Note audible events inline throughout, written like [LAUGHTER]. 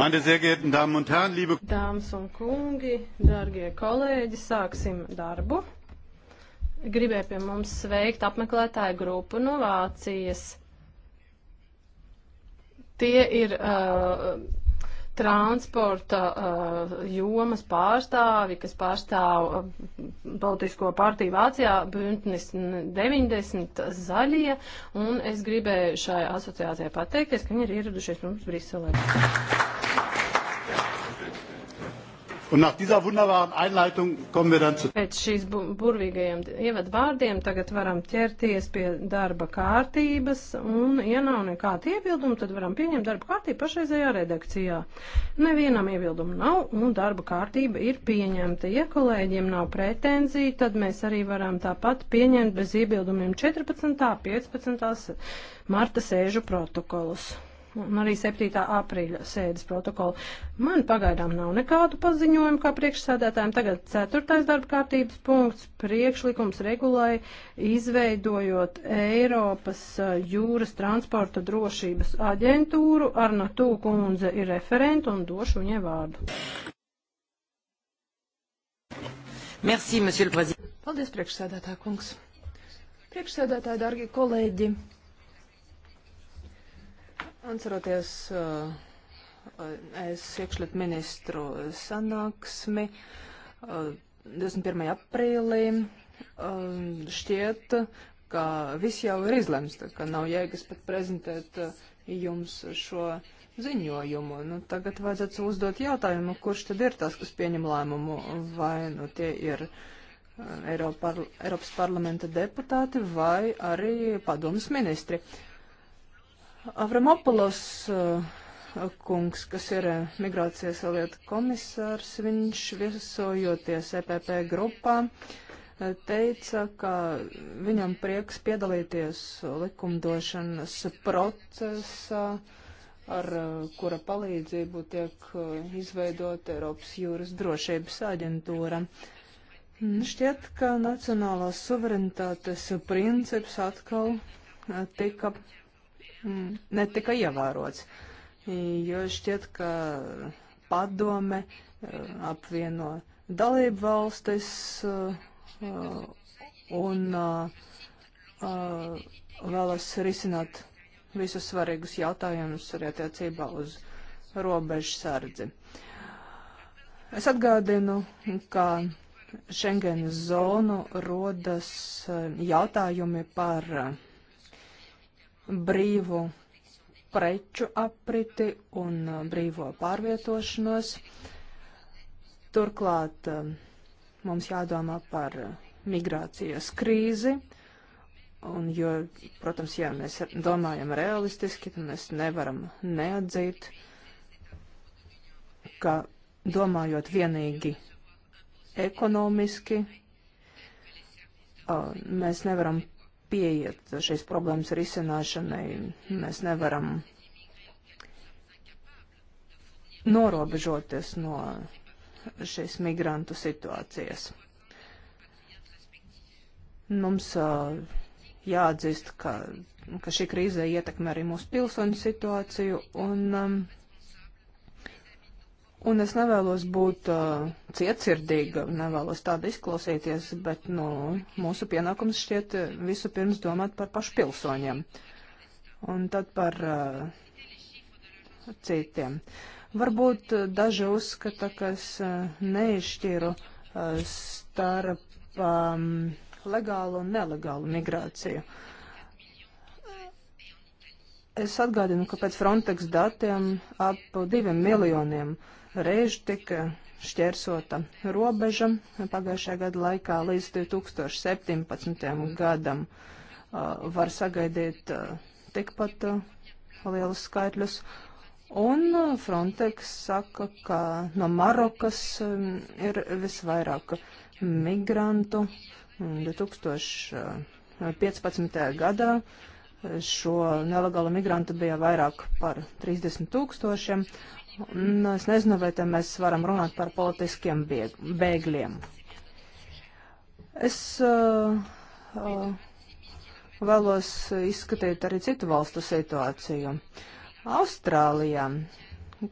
Meine sehr geehrten Damen un Herren, liebe Dāmas un kungi, darbie kolēģi, sāksim darbu. Gribēju pie mums sveikt apmeklētāju grupu no Vācijas. Tie ir uh, transporta uh, jomas pārstāvi, kas pārstāv uh, Baltisko partiju Vācijā, Bündnis 90 zaļie, un es gribēju šai asociācijai pateikties, ka viņi ir ieradušies mums Briselē. Un nach dieser wunderbaren Einleitung kommen wir dann zu. Pēc šīs bu burvīgajiem ievadvārdiem tagad varam ķerties pie darba kārtības, un ja nav nekāda iebilduma, tad varam pieņemt darba kārtību pašreizējā redakcijā. Nevienam iebildumu nav, un darba kārtība ir pieņemta. Ja kolēģiem nav pretenzija, tad mēs arī varam tāpat pieņemt bez iebildumiem 14. 15. marta sēžu protokolus un arī 7. aprīļa sēdes protokolu. Man pagaidām nav nekādu paziņojumu kā priekšsēdētājiem. Tagad 4. darba kārtības punkts - priekšlikums regulai izveidojot Eiropas jūras transporta drošības aģentūru. Arna Tūkundze ir referenta un došu viņai vārdu. Merci, Paldies, priekšsēdētāj kungs. Priekšsēdētāji, dārgie kolēģi, Atceroties uh, es iekšļietu ministru sanāksmi 21. Uh, aprīlī, uh, šķiet, ka viss jau ir izlemts, ka nav jēgas pat prezentēt jums šo ziņojumu. Nu, tagad vajadzētu uzdot jautājumu, kurš tad ir tas, kas pieņem lēmumu, vai nu, tie ir Eiropa, Eiropas parlamenta deputāti vai arī padomas ministri. Uh, Avramopulos uh, kungs, kas ir uh, migrācijas lietu komisārs, viņš viesojoties EPP grupā uh, teica, ka viņam prieks piedalīties likumdošanas procesā, ar kura palīdzību tiek izveidota Eiropas jūras drošības aģentūra. Nu, šķiet, ka nacionālās suverenitātes princips atkal tika Mm, netika ievērots, jo šķiet, ka padome eh, apvieno dalību valstis eh, un eh, vēlas risināt visus svarīgus jautājumus arī attiecībā uz robežu sardzi. Es atgādinu, ka Schengen zonu rodas jautājumi par brīvu preču apriti un uh, brīvo pārvietošanos. Turklāt uh, mums jādomā par uh, migrācijas krīzi, un jo, protams, ja mēs domājam realistiski, tad mēs nevaram neatzīt, ka domājot vienīgi ekonomiski, mēs nevaram pieiet šīs problēmas risināšanai. Mēs nevaram norobežoties no šīs migrantu situācijas. Mums uh, jāatzīst, ka, ka šī krīze ietekmē arī mūsu pilsoņu situāciju, un um, Un es nevēlos būt uh, cietsirdīga, nevēlos tādu izklausīties, bet nu, mūsu pienākums šķiet uh, visu pirms domāt par pašu pilsoņiem un tad par uh, citiem. Varbūt uh, daži uzskata, ka es uh, neizšķiru uh, starp um, legālu un nelegālu migrāciju. Es atgādinu, ka pēc Frontex datiem ap diviem miljoniem uh, reizi tika šķērsota robeža pagājušā gada laikā līdz 2017. gadam. Var sagaidīt tikpat lielus skaitļus. Un Frontex saka, ka no Marokas ir visvairāk migrantu. 2015. gadā šo nelegālo migrantu bija vairāk par 30 tūkstošiem, Nu, es nezinu, vai te mēs varam runāt par politiskiem bieg, bēgļiem. Es uh, uh, vēlos izskatīt arī citu valstu situāciju. Austrālijā,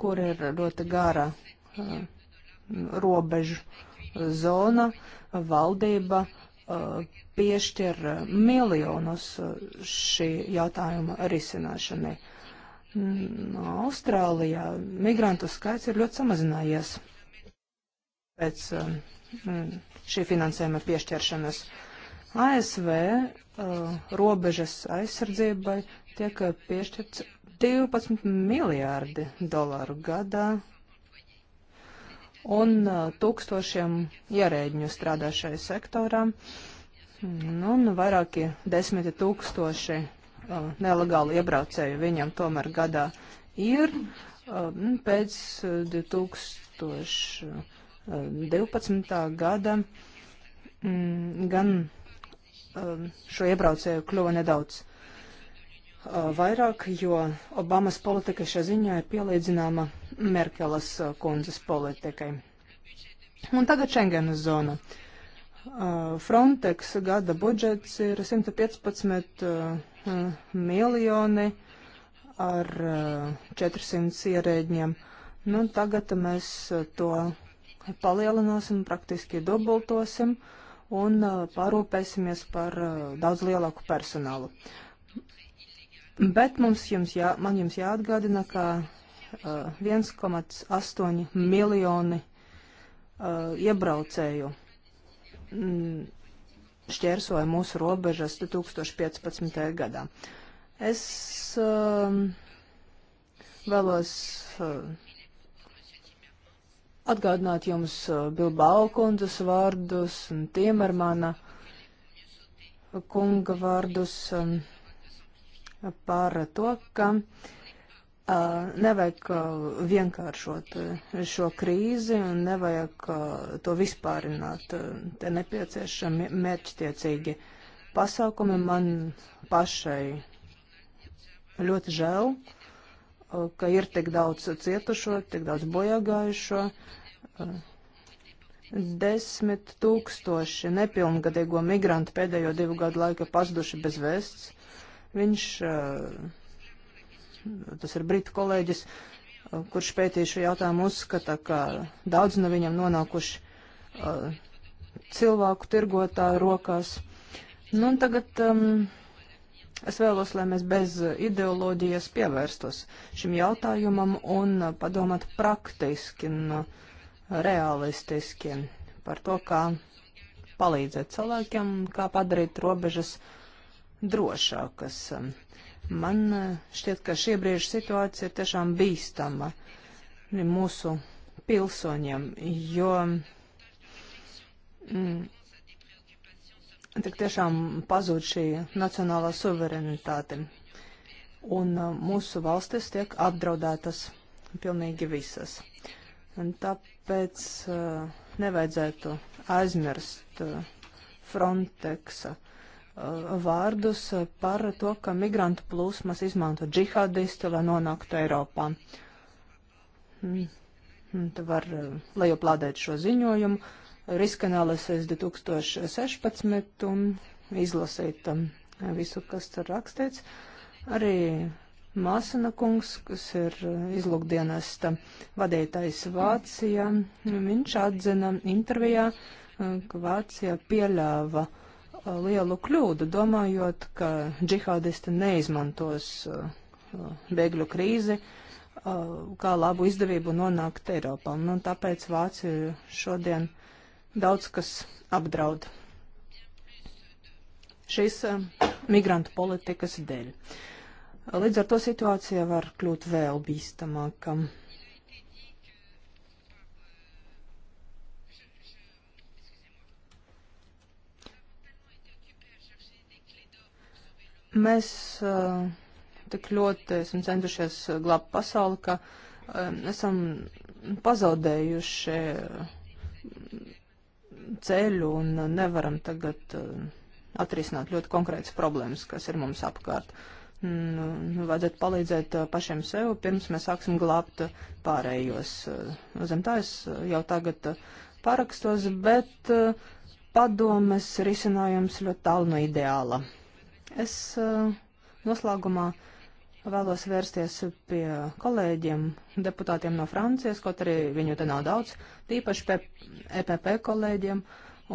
kur ir ļoti gara uh, robežu zona, valdība uh, piešķir miljonus uh, šī jautājuma risināšanai. Mm, Austrālijā migrantu skaits ir ļoti samazinājies pēc um, mm, šī finansējuma piešķiršanas. ASV uh, robežas aizsardzībai tiek piešķirts 12 miljārdi dolāru gadā un uh, tūkstošiem ierēģiņu strādā šajā sektorā. Mm, un vairāki desmiti tūkstoši Uh, nelegāli iebraucēju viņam tomēr gadā ir. Uh, nu, pēc 2012. Uh, gada mm, gan um, šo iebraucēju kļuva nedaudz vairāk, jo Obamas politika šajā ziņā ir pielīdzināma Merkelas kundzes politikai. Un tagad Schengenas zona. Frontex gada budžets ir 115 Eh, miljoni ar 400 eh, ierēģiem. Nu, tagad mēs eh, to palielināsim, praktiski dubultosim un parūpēsimies par daudz lielāku personālu. Bet mums jums jā, man jums jāatgādina, ka uh, 1,8 miljoni uh, iebraucēju mm, šķērsoja mūsu robežas 2015. gadā. Es uh, vēlos uh, atgādināt jums uh, Bilbao kundzes vārdus un Tiemermana kunga vārdus um, par to, ka uh, Nevajag vienkāršot šo krīzi un nevajag to vispārināt. Te nepieciešami mērķtiecīgi pasākumi man pašai ļoti žēl, ka ir tik daudz cietušo, tik daudz bojāgājušo. Desmit tūkstoši nepilngadīgo migrantu pēdējo divu gadu laikā pazuduši bez vēsts. Viņš uh, tas ir britu kolēģis, uh, kurš pētīja šo jautājumu, uzskata, ka daudz no viņam nonākuši uh, cilvēku tirgotāju rokās. Nu, un tagad um, es vēlos, lai mēs bez ideoloģijas pievērstos šim jautājumam un uh, padomātu praktiski un uh, realistiski par to, kā palīdzēt cilvēkiem, kā padarīt robežas drošākas. Um, Man eh, šķiet, ka šī brīža situācija ir tiešām bīstama mūsu pilsoņiem, jo mm, tik tiešām pazūd šī nacionālā suverenitāte. Un eh, mūsu valstis tiek apdraudētas pilnīgi visas. Un tāpēc uh, nevajadzētu aizmirst uh, Frontexa uh, Uh, vārdus uh, par to, ka migrantu plūsmas izmanto džihadisti, lai nonāktu Eiropā. Mm. Mm, te var uh, lejoplādēt šo ziņojumu, riska analīzes 2016 un izlasīt um, visu, kas tur rakstīts. Arī Māsana kungs, kas ir izlūkdienesta vadītājs Vācijā, viņš atzina intervijā, ka Vācija pieļāva uh, lielu kļūdu, domājot, ka džihādisti neizmantos uh, bēgļu krīzi uh, kā labu izdevību nonākt Eiropā. Nu, tāpēc Vācija šodien daudz kas apdraud šīs uh, migrantu politikas dēļ. Līdz ar to situācija var kļūt vēl bīstamākam. Mēs uh, tik ļoti esam centušies eh, glābt pasauli, ka uh, esam pazaudējuši ceļu un nevaram tagad uh, atrisināt ļoti konkrētas problēmas, kas ir mums apkārt. Nu, vajadzētu palīdzēt pašiem sev, pirms mēs sāksim glābt pārējos. Zem tā es jau tagad parakstos, bet padomes risinājums ļoti tālu no ideāla. Es eh, noslēgumā vēlos vērsties pie kolēģiem, deputātiem no Francijas, kaut arī viņu te nav daudz, tīpaši pie EPP kolēģiem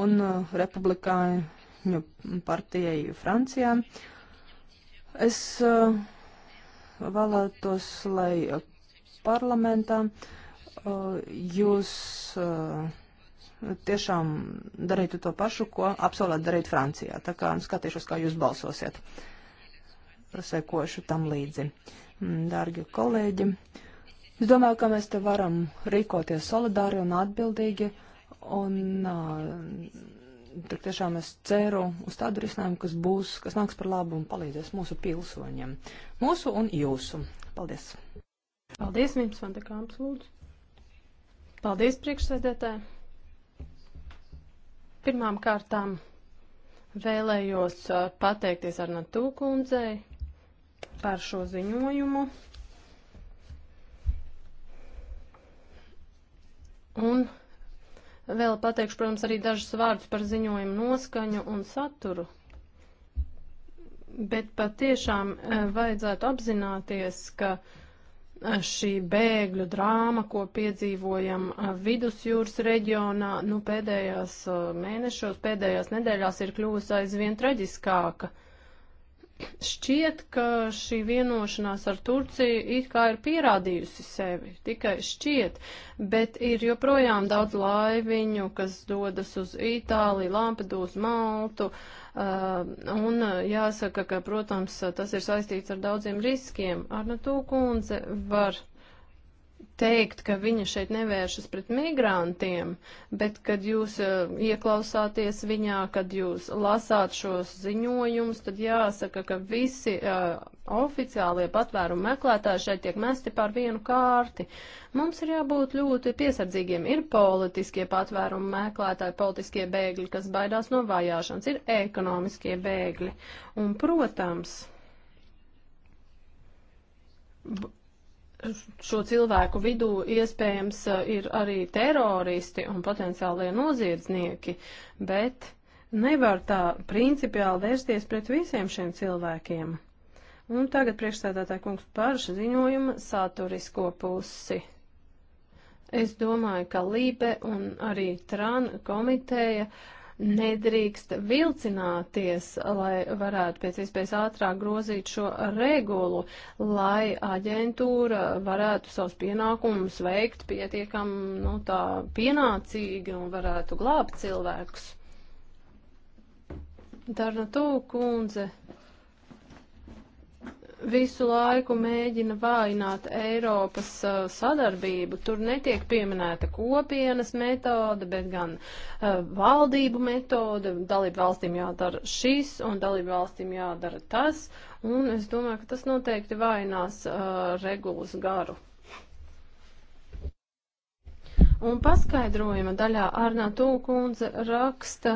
un eh, republikāņu partijai Francijā. Es eh, vēlētos, lai parlamentā jūs. Uh, tiešām darītu to pašu, ko apsolāt darīt Francijā. Tā kā skatīšos, kā jūs balsosiet. Sekošu tam līdzi. Mm, Dārgi kolēģi, es domāju, ka mēs te varam rīkoties solidāri un atbildīgi. Un tur tiešām es ceru uz tādu risinājumu, kas būs, kas nāks par labu un palīdzēs mūsu pilsoņiem. Mūsu un jūsu. Paldies! Paldies, Vimsvanta Kāms, lūdzu! Paldies, priekšsēdētāji! Pirmām kārtām vēlējos uh, pateikties ar Natū kundzei par šo ziņojumu. Un vēl pateikšu, protams, arī dažus vārdus par ziņojumu noskaņu un saturu. Bet patiešām uh, vajadzētu apzināties, ka uh, šī bēgļu drāma, ko piedzīvojam vidusjūras reģionā, nu pēdējās mēnešos, pēdējās nedēļās ir kļuvusi aizvien traģiskāka. Šķiet, ka šī vienošanās ar Turciju it kā ir pierādījusi sevi, tikai šķiet, bet ir joprojām daudz laiviņu, kas dodas uz Itāliju, Lampedūzu, Maltu, uh, Un jāsaka, ka, protams, tas ir saistīts ar daudziem riskiem. Arna Tūkundze var teikt, ka viņa šeit nevēršas pret migrantiem, bet kad jūs eh, ieklausāties viņā, kad jūs lasāt šos ziņojumus, tad jāsaka, ka visi uh, oficiālie patvērumu meklētāji šeit tiek mesti pār vienu kārti. Mums ir jābūt ļoti piesardzīgiem. Ir politiskie patvērumu meklētāji, politiskie bēgļi, kas baidās no vajāšanas, ir ekonomiskie bēgļi. Un, protams, šo cilvēku vidū iespējams eh, ir arī teroristi un potenciālie noziedznieki, bet nevar tā principiāli vērsties pret visiem šiem cilvēkiem. Un tagad priekšstādātāja kungs par ziņojuma saturisko pusi. Es domāju, ka Lībe un arī Tran komiteja uh, nedrīkst vilcināties, lai varētu pēc iespējas ātrāk grozīt šo regulu, lai aģentūra varētu savus pienākumus veikt pietiekam, nu, tā pienācīgi un varētu glābt cilvēkus. Darna Tūkundze. kundze visu laiku mēģina vājināt Eiropas uh, sadarbību. Tur netiek pieminēta kopienas metode, bet gan uh, valdību metode. Dalību valstīm jādara šis un dalību valstīm jādara tas. Un es domāju, ka tas noteikti vājinās uh, regulas garu. Un paskaidrojuma daļā Arnā Tūkundze raksta,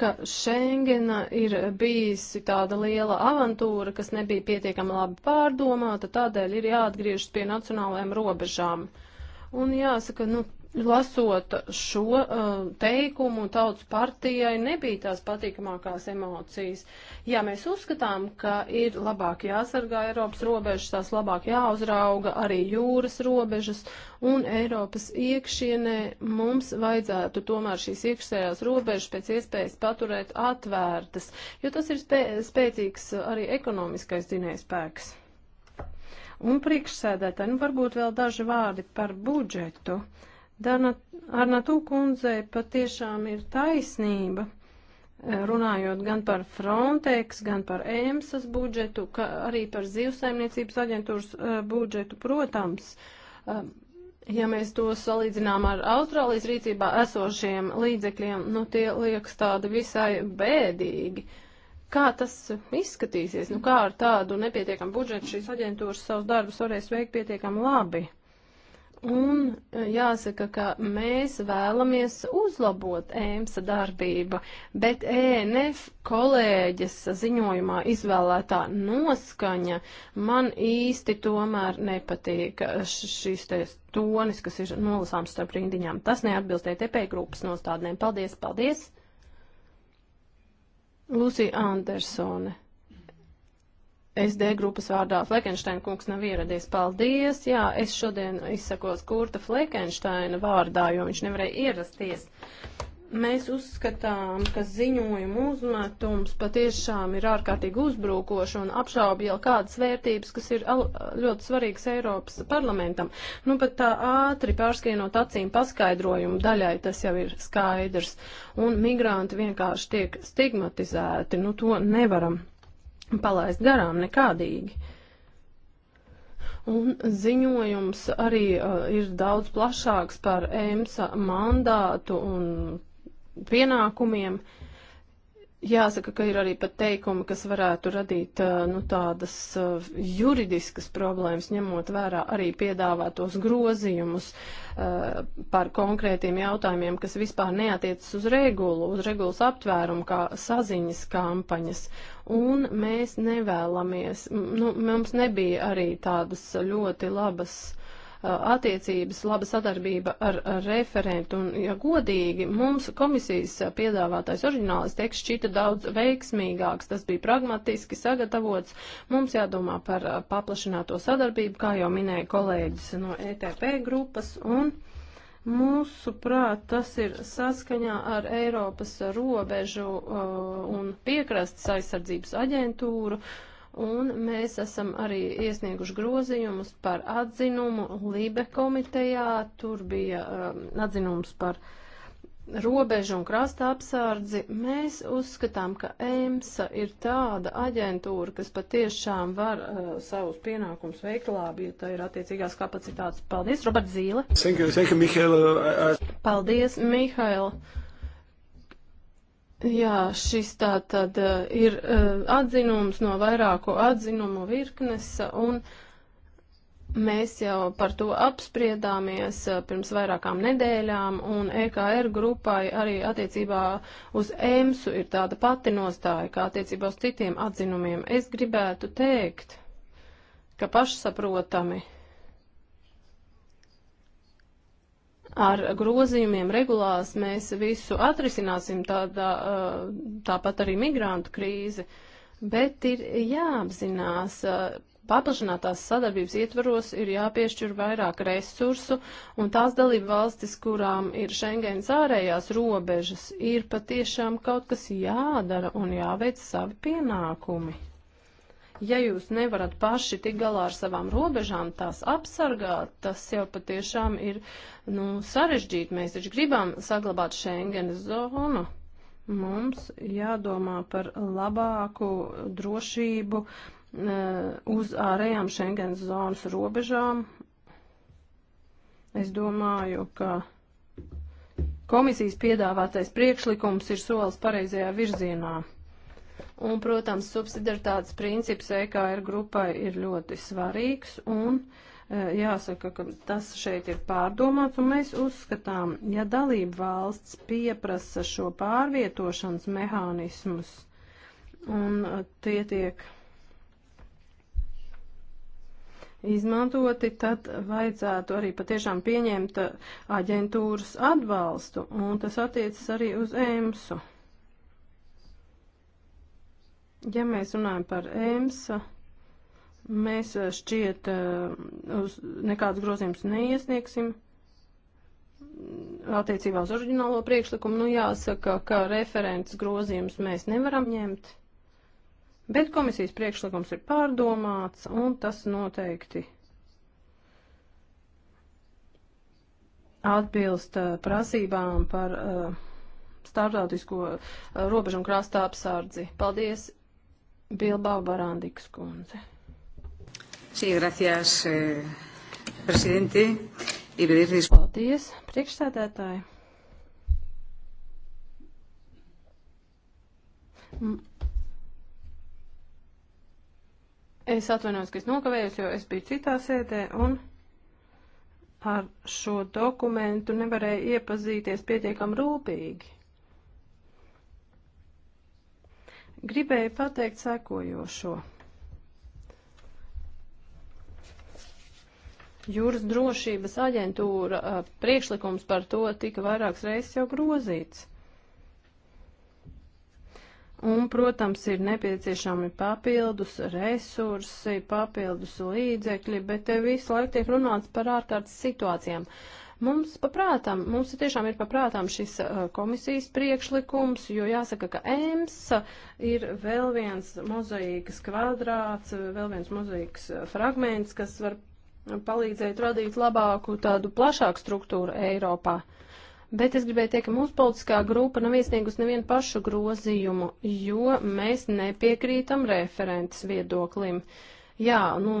ka Schengena ir bijusi tāda liela avantūra, kas nebija pietiekami labi pārdomāta, tādēļ ir jāatgriežas pie nacionālajām robežām. Un jāsaka, nu Lasot šo uh, teikumu, tautas partijai nebija tās patīkamākās emocijas. Jā, mēs uzskatām, ka ir labāk jāsargā Eiropas robežas, tās labāk jāuzrauga arī jūras robežas, un Eiropas iekšienē mums vajadzētu tomēr šīs iekšējās robežas pēc iespējas paturēt atvērtas, jo tas ir spē spēcīgs arī ekonomiskais dzinējspēks. Un priekšsēdētāji, nu varbūt vēl daži vārdi par budžetu. Uh, Arnatū kundzei patiešām ir taisnība, eh, runājot gan par Frontex, gan par EMSAS budžetu, ka arī par zivsaimniecības aģentūras eh, budžetu, protams. Eh, ja mēs to salīdzinām ar Austrālijas rīcībā esošiem līdzekļiem, nu tie liekas tādi visai bēdīgi. Kā tas izskatīsies? Nu kā ar tādu nepietiekamu budžetu šīs aģentūras savus darbus varēs veikt pietiekami labi? Un e, jāsaka, ka mēs vēlamies uzlabot ēmsa darbību, bet ENF kolēģis ziņojumā izvēlētā noskaņa man īsti tomēr nepatīk šis te tonis, kas ir nolasāms starp rindiņām. Tas neatbilst ETP grupas nostādnēm. Paldies, paldies! Lūsija Andersone. SD grupas vārdā Flekensteina kungs nav ieradies. Paldies! Jā, es šodien izsakos Kurta Flekensteina vārdā, jo viņš nevarēja ierasties. Mēs uzskatām, ka ziņojuma uzmetums patiešām ir ārkārtīgi uzbrukoši un apšaubi jau kādas vērtības, kas ir ļoti svarīgas Eiropas parlamentam. Nu, pat tā ātri pārskienot acīm paskaidrojumu daļai tas jau ir skaidrs. Un migranti vienkārši tiek stigmatizēti. Nu, to nevaram palaist garām nekādīgi. Un ziņojums arī uh, ir daudz plašāks par EMSA mandātu un pienākumiem. Uh, Jāsaka, ka ir arī pat teikumi, kas varētu radīt eh, nu, tādas eh, juridiskas problēmas, ņemot vērā arī piedāvātos grozījumus eh, par konkrētiem jautājumiem, kas vispār neatiecas uz regulu, uz regulas aptvērumu, kā saziņas kampaņas. Un mēs nevēlamies, nu, mums nebija arī tādas ļoti labas attiecības, laba sadarbība ar, ar referentu. Un, ja godīgi, mums komisijas piedāvātais oriģinālis teksts šķita daudz veiksmīgāks. Tas bija pragmatiski sagatavots. Mums jādomā par paplašināto sadarbību, kā jau minēja kolēģis no ETP grupas. Un, Mūsu prāt tas ir saskaņā ar Eiropas robežu uh, un piekrastes aizsardzības aģentūru, uh, un mēs esam arī iesnieguši grozījumus par atzinumu Libe komitejā, tur bija um, atzinums par robežu un krasta apsārdzi, mēs uzskatām, ka EMSA ir tāda aģentūra, kas patiešām var uh, savus pienākumus veikt labi, ja tā ir attiecīgās kapacitātes. Paldies, Robert Zīle! Thank you, thank you, Mihaila. Uh, uh, Paldies, Mihaila! Jā, šis tā tad eh, ir eh, atzinums no vairāku atzinumu virknes, un mēs jau par to apspriedāmies eh, pirms vairākām nedēļām, un EKR grupai arī attiecībā uz EMSU ir tāda pati nostāja, kā attiecībā uz citiem atzinumiem. Es gribētu teikt, ka pašsaprotami ar grozījumiem regulās mēs visu atrisināsim, tādā, tāpat arī migrantu krīzi, bet ir jāapzinās, paplašinātās sadarbības ietvaros ir jāpiešķir vairāk resursu, un tās dalība valstis, kurām ir Schengens ārējās robežas, ir patiešām kaut kas jādara un jāveic savi pienākumi. Ja jūs nevarat paši tik galā ar savām robežām tās apsargāt, tas jau patiešām ir nu, sarežģīti. Mēs taču gribam saglabāt Schengenes zonu. Mums jādomā par labāku drošību eh, uz ārējām Schengenes zonas robežām. Es domāju, ka komisijas piedāvātais priekšlikums ir solis pareizajā virzienā. Un, protams, subsidiaritātes princips EKR grupai ir ļoti svarīgs un e, jāsaka, ka tas šeit ir pārdomāts un mēs uzskatām, ja dalība valsts pieprasa šo pārvietošanas mehānismus un e, tie tiek izmantoti, tad vajadzētu arī patiešām pieņemt aģentūras atbalstu, un tas attiecas arī uz EMSU. Ja mēs runājam par EMSA, mēs eh, šķiet eh, uz nekādus grozījumus neiesniegsim attiecībā uz oriģinālo priekšlikumu. Nu, jāsaka, ka referents grozījumus mēs nevaram ņemt, bet komisijas priekšlikums ir pārdomāts un tas noteikti atbilst eh, prasībām par uh, starptautisko robežu un krasta apsardzi. Paldies Bilbao Barandikas kundze. Sí, gracias, eh, presidente. Paldies, priekšsēdētāji. Es atvainojos, ka es nokavējos, jo es biju citā sēdē un ar šo dokumentu nevarēju iepazīties pietiekam rūpīgi. Gribēju pateikt sekojošo. Jūras drošības aģentūra priekšlikums par to tika vairākas reizes jau grozīts. Un, protams, ir nepieciešami papildus resursi, papildus līdzekļi, bet te visu laiku tiek runāts par ārkārtas situācijām. Uh, Mums paprātām, mums tiešām ir paprātām šis uh, komisijas priekšlikums, jo jāsaka, ka EMSA uh, ir vēl viens mozaīkas kvadrāts, uh, vēl viens mozaīkas fragments, kas var palīdzēt radīt labāku tādu plašāku struktūru Eiropā. Bet es gribēju teikt, ka mūsu politiskā grupa nav iesniegusi nevienu pašu grozījumu, jo mēs nepiekrītam referentes viedoklim. Uh, Jā, nu,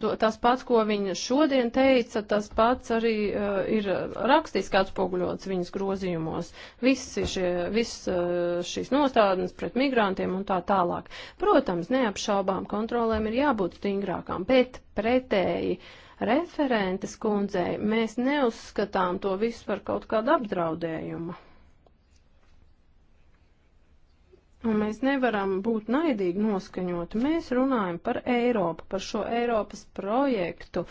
to, tas pats, ko viņa šodien teica, tas pats arī uh, ir rakstiski atspoguļots viņas grozījumos. Visi šie, viss uh, šīs nostādnes pret migrantiem un tā tālāk. Protams, neapšaubām kontrolēm ir jābūt stingrākām, bet pretēji. Referentes kundzei mēs neuzskatām to visu par kaut kādu apdraudējumu. Un mēs nevaram būt naidīgi noskaņoti. Mēs runājam par Eiropu, par šo Eiropas projektu,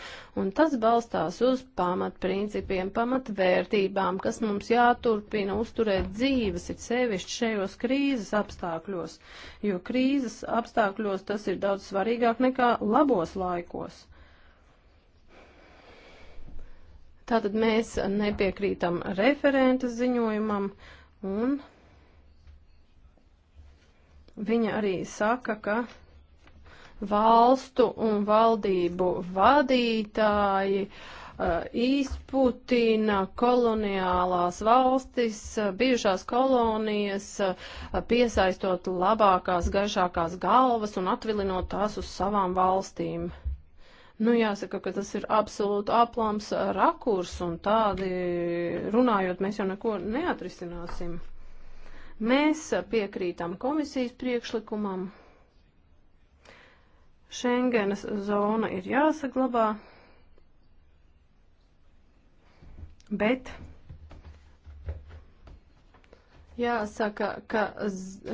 un tas balstās uz pamatprincipiem, pamatvērtībām, kas mums jāturpina uzturēt dzīves, ir sevišķi šajos krīzes apstākļos, jo krīzes apstākļos tas ir daudz svarīgāk nekā labos laikos. Tātad mēs nepiekrītam referentes ziņojumam un Viņa arī saka, ka valstu un valdību vadītāji uh, izputina koloniālās valstis, uh, bijušās kolonijas, uh, piesaistot labākās, gaišākās galvas un atvilinot tās uz savām valstīm. Nu, jāsaka, ka tas ir absolūti aplams rakurs, un tādi runājot, mēs jau neko neatrisināsim. Mēs piekrītam komisijas priekšlikumam. Šengenas zona ir jāsaglabā, bet jāsaka, ka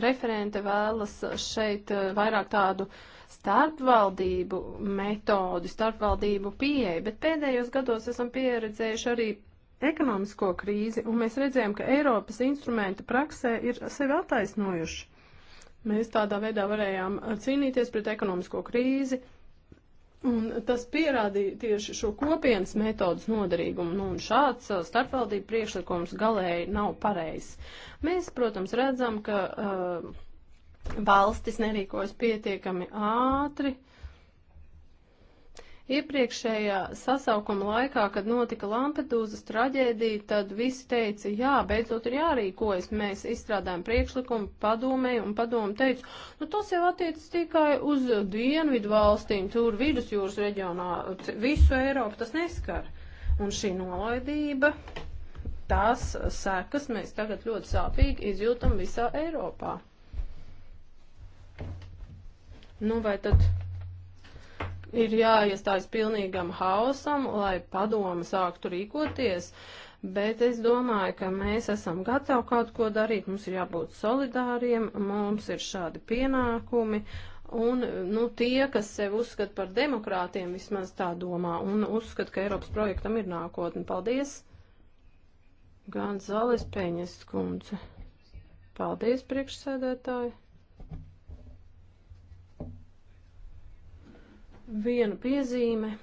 referente vēlas šeit eh, vairāk tādu starpvaldību metodi, starpvaldību pieeja, bet pēdējos gados esam pieredzējuši arī ekonomisko krīzi, un mēs redzējām, ka Eiropas instrumenti praksē ir sevi attaisnojuši. Mēs tādā veidā varējām cīnīties pret ekonomisko krīzi, un tas pierādīja tieši šo kopienas metodas noderīgumu, nu, un šāds uh, starpvaldību priekšlikums galēji nav pareizs. Mēs, protams, redzam, ka uh, valstis nerīkojas pietiekami ātri, uh, Iepriekšējā sasaukuma laikā, kad notika Lampedūzas traģēdija, tad visi teica, jā, beidzot ir jārīkojas, mēs izstrādājam priekšlikumu padomēju un padomu teica, nu tas jau attiecas tikai uz dienvidu valstīm, tur vidusjūras reģionā, visu Eiropu tas neskar. Un šī nolaidība, tās sekas mēs tagad ļoti sāpīgi izjūtam visā Eiropā. Nu vai tad ir jāiestājas pilnīgam hausam, lai padoma sāktu rīkoties, bet es domāju, ka mēs esam gatavi kaut ko darīt, mums ir jābūt solidāriem, mums ir šādi pienākumi, un nu, tie, kas sev uzskata par demokrātiem, vismaz tā domā, un uzskata, ka Eiropas projektam ir nākotne. Paldies! Gan Zales Peņas kundze. Paldies, priekšsēdētāji! viena piezīme.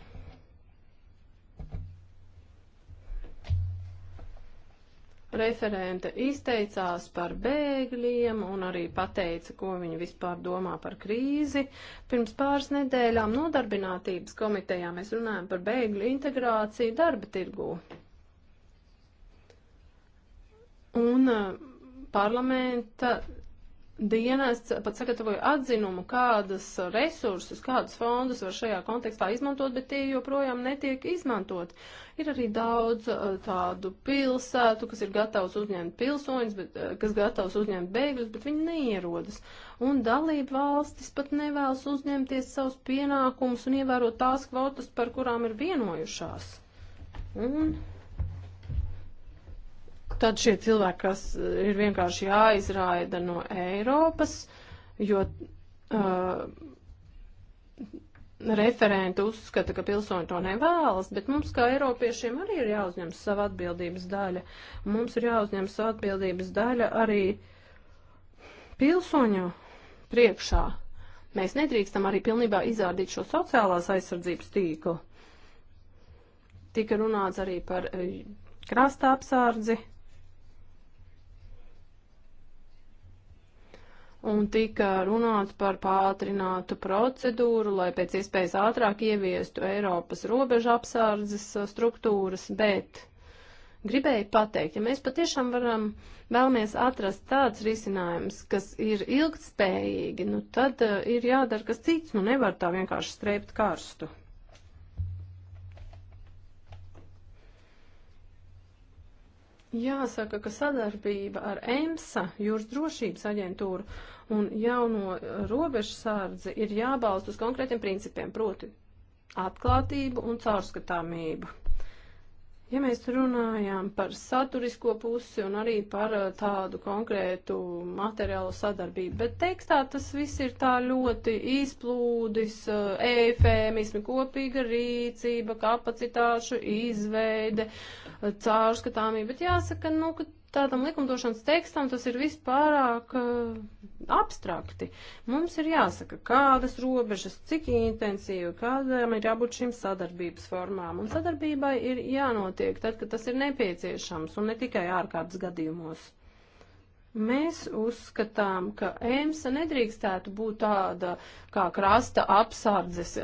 Referente izteicās par bēgļiem un arī pateica, ko viņi vispār domā par krīzi. Pirms pāris nedēļām nodarbinātības komitejā mēs runājam par bēgļu integrāciju darba tirgū. Un eh, parlamenta dienests pat sagatavoja atzinumu, kādas resursus, kādus fondus var šajā kontekstā izmantot, bet tie joprojām netiek izmantot. Ir arī daudz eh, tādu pilsētu, kas ir gatavs uzņemt pilsoņus, bet, eh, kas gatavs uzņemt bēgļus, bet viņi neierodas. Un dalība valstis pat nevēlas uzņemties savus pienākumus un ievērot tās kvotas, par kurām ir vienojušās. Un tad šie cilvēki, kas eh, ir vienkārši jāizraida no Eiropas, jo uh, referenti uzskata, ka pilsoņi to nevēlas, bet mums kā Eiropiešiem arī ir jāuzņem sava atbildības daļa. Mums ir jāuzņem sava atbildības daļa arī pilsoņu priekšā. Mēs nedrīkstam arī pilnībā izārdīt šo sociālās aizsardzības tīklu. Tika runāts arī par eh, krasta apsārdzi. un tika runāts par pātrinātu procedūru, lai pēc iespējas ātrāk ieviestu Eiropas robežu apsardzes struktūras, bet gribēju pateikt, ja mēs patiešām varam vēlamies atrast tāds risinājums, kas ir ilgtspējīgi, nu tad uh, ir jādara kas cits, nu nevar tā vienkārši streipt karstu. Jāsaka, ka sadarbība ar EMSA, jūras drošības aģentūru un jauno robežsārdzi ir jābalst uz konkrētiem principiem, proti atklātību un caurskatāmību. Ja mēs runājām par saturisko pusi un arī par eh, tādu konkrētu materiālu sadarbību, bet tekstā tas viss ir tā ļoti izplūdis, eifēmismi, eh, kopīga rīcība, kapacitāšu izveide, eh, cārskatāmība, bet jāsaka, nu, ka tādam likumdošanas tekstam tas ir vispārāk uh, abstrakti. Mums ir jāsaka, kādas robežas, cik intensīvi, kādām ir jābūt šīm sadarbības formām. Un sadarbībai ir jānotiek tad, kad tas ir nepieciešams un ne tikai ārkārtas gadījumos. Mēs uzskatām, ka EMSA nedrīkstētu būt tāda kā krasta apsardzes,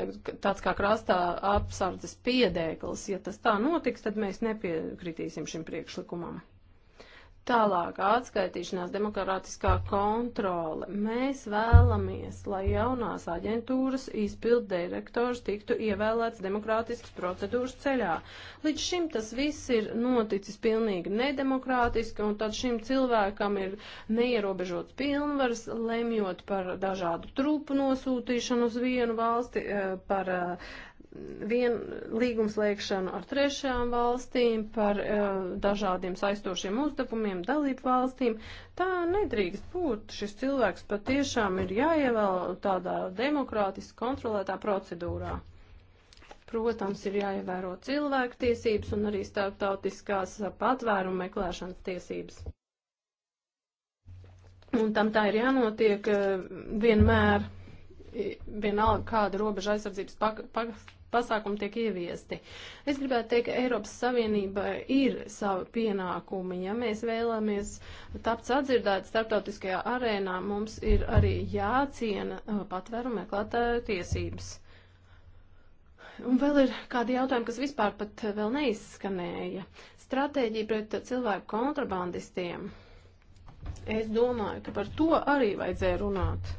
tāds kā krasta apsardzes piedēklis. Ja tas tā notiks, tad mēs nepiekritīsim šim priekšlikumam. Tālāk atskaitīšanās demokrātiskā kontrole. Mēs vēlamies, lai jaunās aģentūras izpildu direktors tiktu ievēlēts demokrātiskas procedūras ceļā. Līdz šim tas viss ir noticis pilnīgi nedemokrātiski, un tad šim cilvēkam ir neierobežots pilnvars, lemjot par dažādu trupu nosūtīšanu uz vienu valsti, eh, par eh, vien līgumslēgšanu ar trešajām valstīm, par uh, dažādiem saistošiem uzdevumiem dalību valstīm. Tā nedrīkst būt. Šis cilvēks patiešām ir jāievēl tādā demokrātiski kontrolētā procedūrā. Protams, ir jāievēro cilvēku tiesības un arī starptautiskās patvērumu meklēšanas tiesības. Un tam tā ir jānotiek eh, vienmēr, vienalga kāda robeža aizsardzības pak, pak, pasākumi tiek ieviesti. Es gribētu teikt, ka Eiropas Savienība ir savi pienākumi. Ja mēs vēlamies tapt sadzirdēt starptautiskajā arēnā, mums ir arī jāciena uh, patvērumu meklētāju tiesības. Un vēl ir kādi jautājumi, kas vispār pat vēl neizskanēja. Stratēģija pret cilvēku kontrabandistiem. Es domāju, ka par to arī vajadzēja runāt.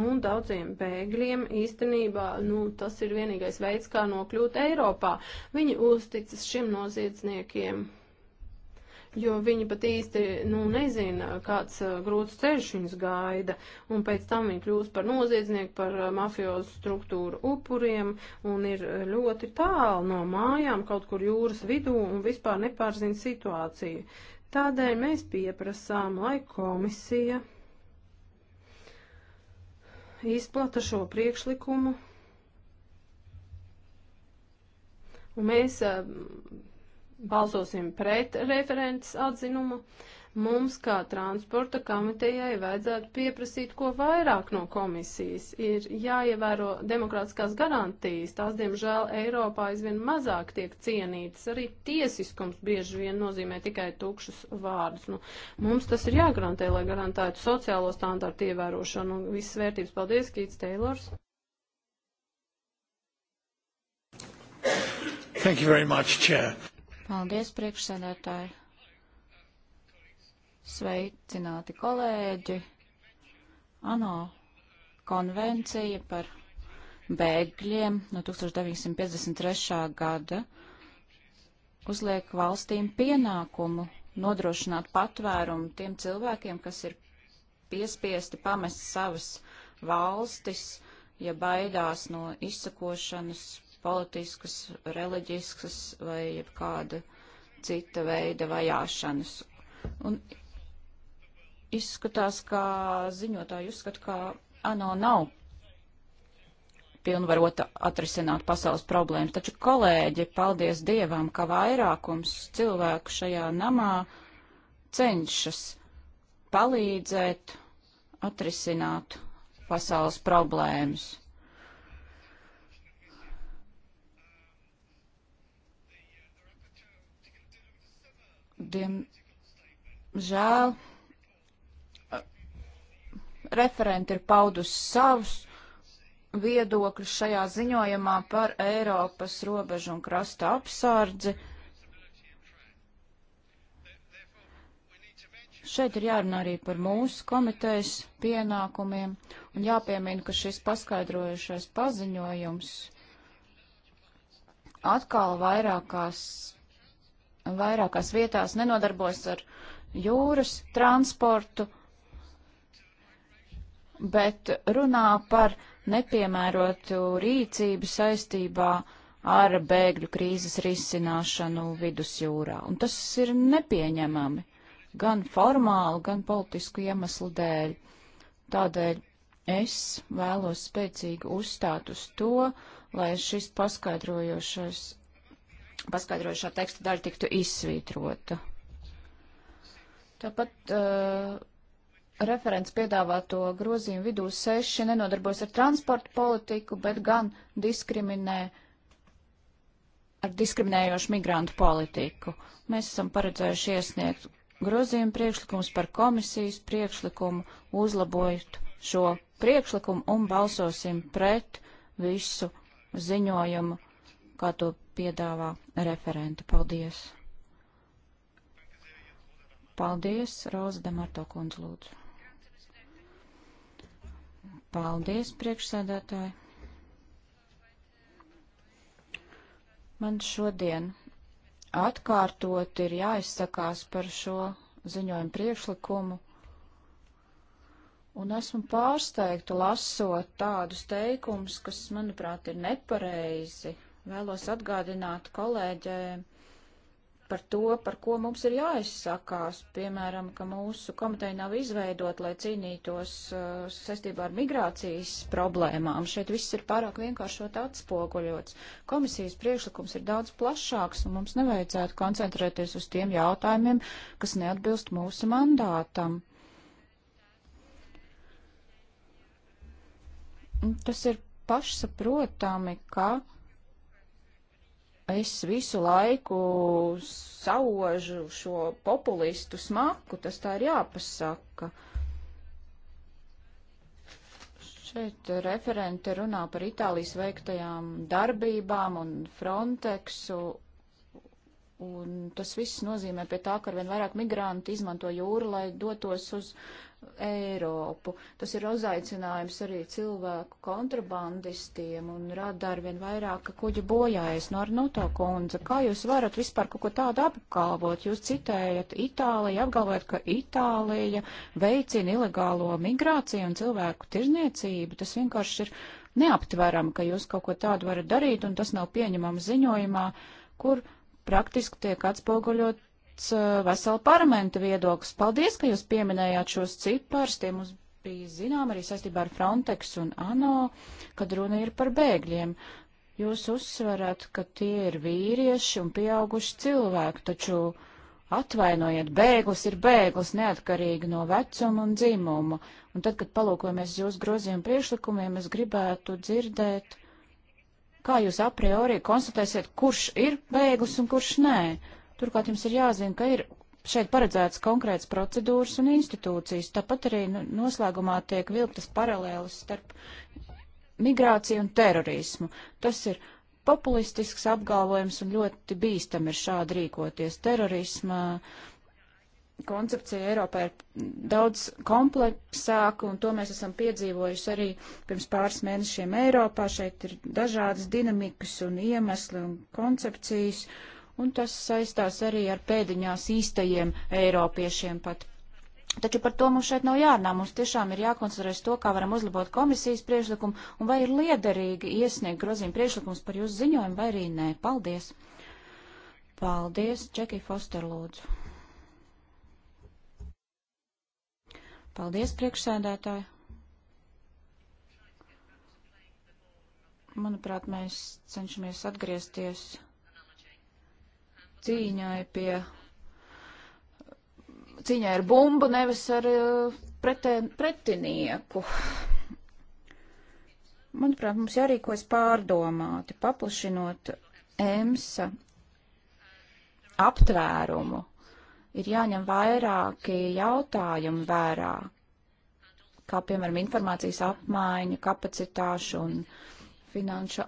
Un daudziem bēgļiem īstenībā nu, tas ir vienīgais veids, kā nokļūt Eiropā. Viņi uzticas šiem noziedzniekiem, jo viņi pat īsti nu, nezina, kāds uh, grūts ceļš viņus gaida. Un pēc tam viņi kļūst par noziedznieku, par uh, mafiozu struktūru upuriem un ir uh, ļoti tālu no mājām, kaut kur jūras vidū un vispār nepārzina situāciju. Tādēļ mēs pieprasām, lai komisija izplata šo priekšlikumu. Un mēs eh, balsosim pret referents atzinumu. Uh, Mums kā transporta komitejai vajadzētu pieprasīt ko vairāk no komisijas. Ir jāievēro demokrātiskās garantijas. Tās, diemžēl, Eiropā aizvien mazāk tiek cienītas. Arī tiesiskums bieži vien nozīmē tikai tukšus vārdus. Nu, mums tas ir jāgarantē, lai garantētu sociālo standartu ievērošanu un visas vērtības. Paldies, Kīts Teilors! Thank you very much, Chair. Paldies, priekšsēdētāji. Sveicināti kolēģi! ANO konvencija par bēgļiem no 1953. gada uzliek valstīm pienākumu nodrošināt patvērumu tiem cilvēkiem, kas ir piespiesti pamest savas valstis, ja baidās no izsakošanas politiskas, reliģiskas vai kāda cita veida vajāšanas. Un Izskatās, ka ziņotāji uzskata, ka ANO nav pilnvarota atrisināt pasaules problēmas. Taču, kolēģi, paldies Dievam, ka vairākums cilvēku šajā namā cenšas palīdzēt atrisināt pasaules problēmas. Diemžēl referenti ir paudusi savus viedokļus šajā ziņojumā par Eiropas robežu un krasta apsardzi. Šeit ir jārunā arī par mūsu komitejas pienākumiem un jāpiemina, ka šis paskaidrojušais paziņojums atkal vairākās, vairākās vietās nenodarbos ar jūras transportu bet runā par nepiemērotu rīcību saistībā ar bēgļu krīzes risināšanu vidusjūrā. Un tas ir nepieņemami gan formālu, gan politisku iemeslu dēļ. Tādēļ es vēlos spēcīgi uzstāt uz to, lai šis paskaidrojošais, paskaidrojošā teksta daļa tiktu izsvītrota. Tāpat uh, referents piedāvāto grozījumu vidū seši nenodarbojas ar transportu politiku, bet gan diskriminē ar diskriminējošu migrantu politiku. Mēs esam paredzējuši iesniegt grozījumu priekšlikums par komisijas priekšlikumu, uzlabojot šo priekšlikumu un balsosim pret visu ziņojumu, kā to piedāvā referenti. Paldies! Paldies, Roza Demarto kundze, lūdzu. Paldies, priekšsēdētāji. Man šodien atkārtot ir jāizsakās par šo ziņojumu priekšlikumu, un esmu pārsteigta lasot tādus teikumus, kas, manuprāt, ir nepareizi. Vēlos atgādināt kolēģiem, par to, par ko mums ir jāizsakās, piemēram, ka mūsu komiteja nav izveidot, lai cīnītos uh, saistībā ar migrācijas problēmām. Šeit viss ir pārāk vienkāršot atspoguļots. Komisijas priekšlikums ir daudz plašāks, un mums nevajadzētu koncentrēties uz tiem jautājumiem, kas neatbilst mūsu mandātam. Tas ir pašsaprotami, ka es visu laiku saužu šo populistu smaku, tas tā ir jāpasaka. Šeit referente runā par Itālijas veiktajām darbībām un Frontexu Un tas viss nozīmē pie tā, ka arvien vairāk migranti izmanto jūru, lai dotos uz Eiropu. Tas ir uzaicinājums arī cilvēku kontrabandistiem un rada arvien vairāk kuģu bojājas. No nu, Arnoto kundze, kā jūs varat vispār kaut ko tādu apgalvot? Jūs citējat Itāliju, apgalvojat, ka Itālija veicina ilegālo migrāciju un cilvēku tirzniecību. Tas vienkārši ir neaptverami, ka jūs kaut ko tādu varat darīt, un tas nav pieņemams ziņojumā, kur praktiski tiek atspoguļot Eh, vesela parlamenta viedoklis. Paldies, ka jūs pieminējāt šos ciparus. Tie mums bija zinām arī saistībā ar Frontex un ANO, kad runa ir par bēgļiem. Jūs uzsverat, ka tie ir vīrieši un pieauguši cilvēki, taču atvainojiet, bēglis ir bēglis neatkarīgi no vecuma un dzimuma. Un tad, kad palūkojamies jūs grozījumu priekšlikumiem, es gribētu dzirdēt, kā jūs a priori konstatēsiet, kurš ir bēglis un kurš nē. Turklāt jums ir jāzina, ka ir šeit paredzētas konkrētas procedūras un institūcijas. Tāpat arī nu, noslēgumā tiek vilktas paralēlis starp migrāciju un terorismu. Tas ir populistisks apgalvojums un ļoti bīstam ir šādi rīkoties. Terorisma koncepcija Eiropā ir daudz kompleksāka, un to mēs esam piedzīvojuši arī pirms pāris mēnešiem Eiropā. Šeit ir dažādas dinamikas un iemesli un koncepcijas, un tas saistās arī ar pēdiņās īstajiem eiropiešiem pat. Taču par to mums šeit nav jārunā. Mums tiešām ir jākoncentrēs to, kā varam uzlabot komisijas priekšlikumu un vai ir liederīgi iesniegt grozījuma priekšlikums par jūsu ziņojumu vai arī nē. Paldies! Paldies, Čeki Foster, lūdzu. Paldies, priekšsēdētāji. Manuprāt, mēs cenšamies atgriezties cīņai pie, cīņai ar bumbu, nevis ar e, pretē, pretinieku. Manuprāt, mums jārīkojas pārdomāti, paplašinot EMSA aptvērumu. Ir jāņem vairāki jautājumi vērā, kā piemēram informācijas apmaiņa, kapacitāšu un finanšu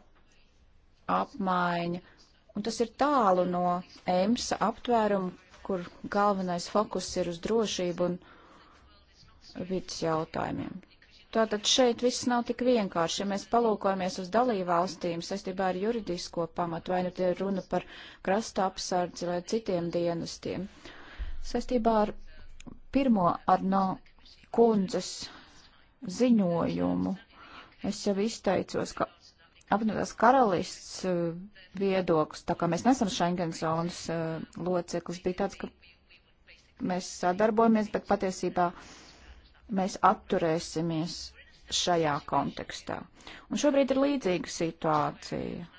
apmaiņa Un tas ir tālu no EMSA aptvērumu, kur galvenais fokus ir uz drošību un vidas jautājumiem. Tātad šeit viss nav tik vienkārši. Ja mēs palūkojamies uz dalībvalstīm saistībā ar juridisko pamatu, vai nu tie runa par krasta apsardzi vai citiem dienestiem, saistībā ar pirmo Arno kundzes ziņojumu, es jau izteicos, ka apvienotās karalists eh, viedoklis, tā kā mēs nesam Schengen zonas eh, loceklis, bija tāds, ka mēs sadarbojamies, bet patiesībā mēs atturēsimies šajā kontekstā. Un šobrīd ir līdzīga situācija.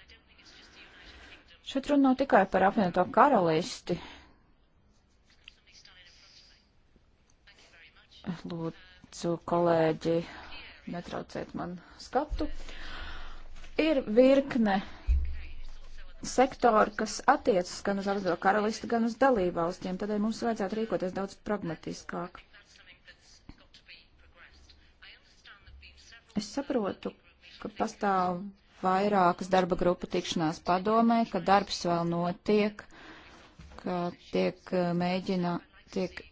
Šeit runa nav tikai par apvienoto karalisti. Lūdzu, kolēģi, netraucēt man skatu. Uh, Ir virkne sektori, kas attiecas gan uz apzvaru karalisti, gan uz dalībvalstiem, tādēļ mums vajadzētu rīkoties daudz pragmatiskāk. Es saprotu, ka pastāv vairākas darba grupu tikšanās padomē, ka darbs vēl notiek, ka tiek eh, mēģina, tiek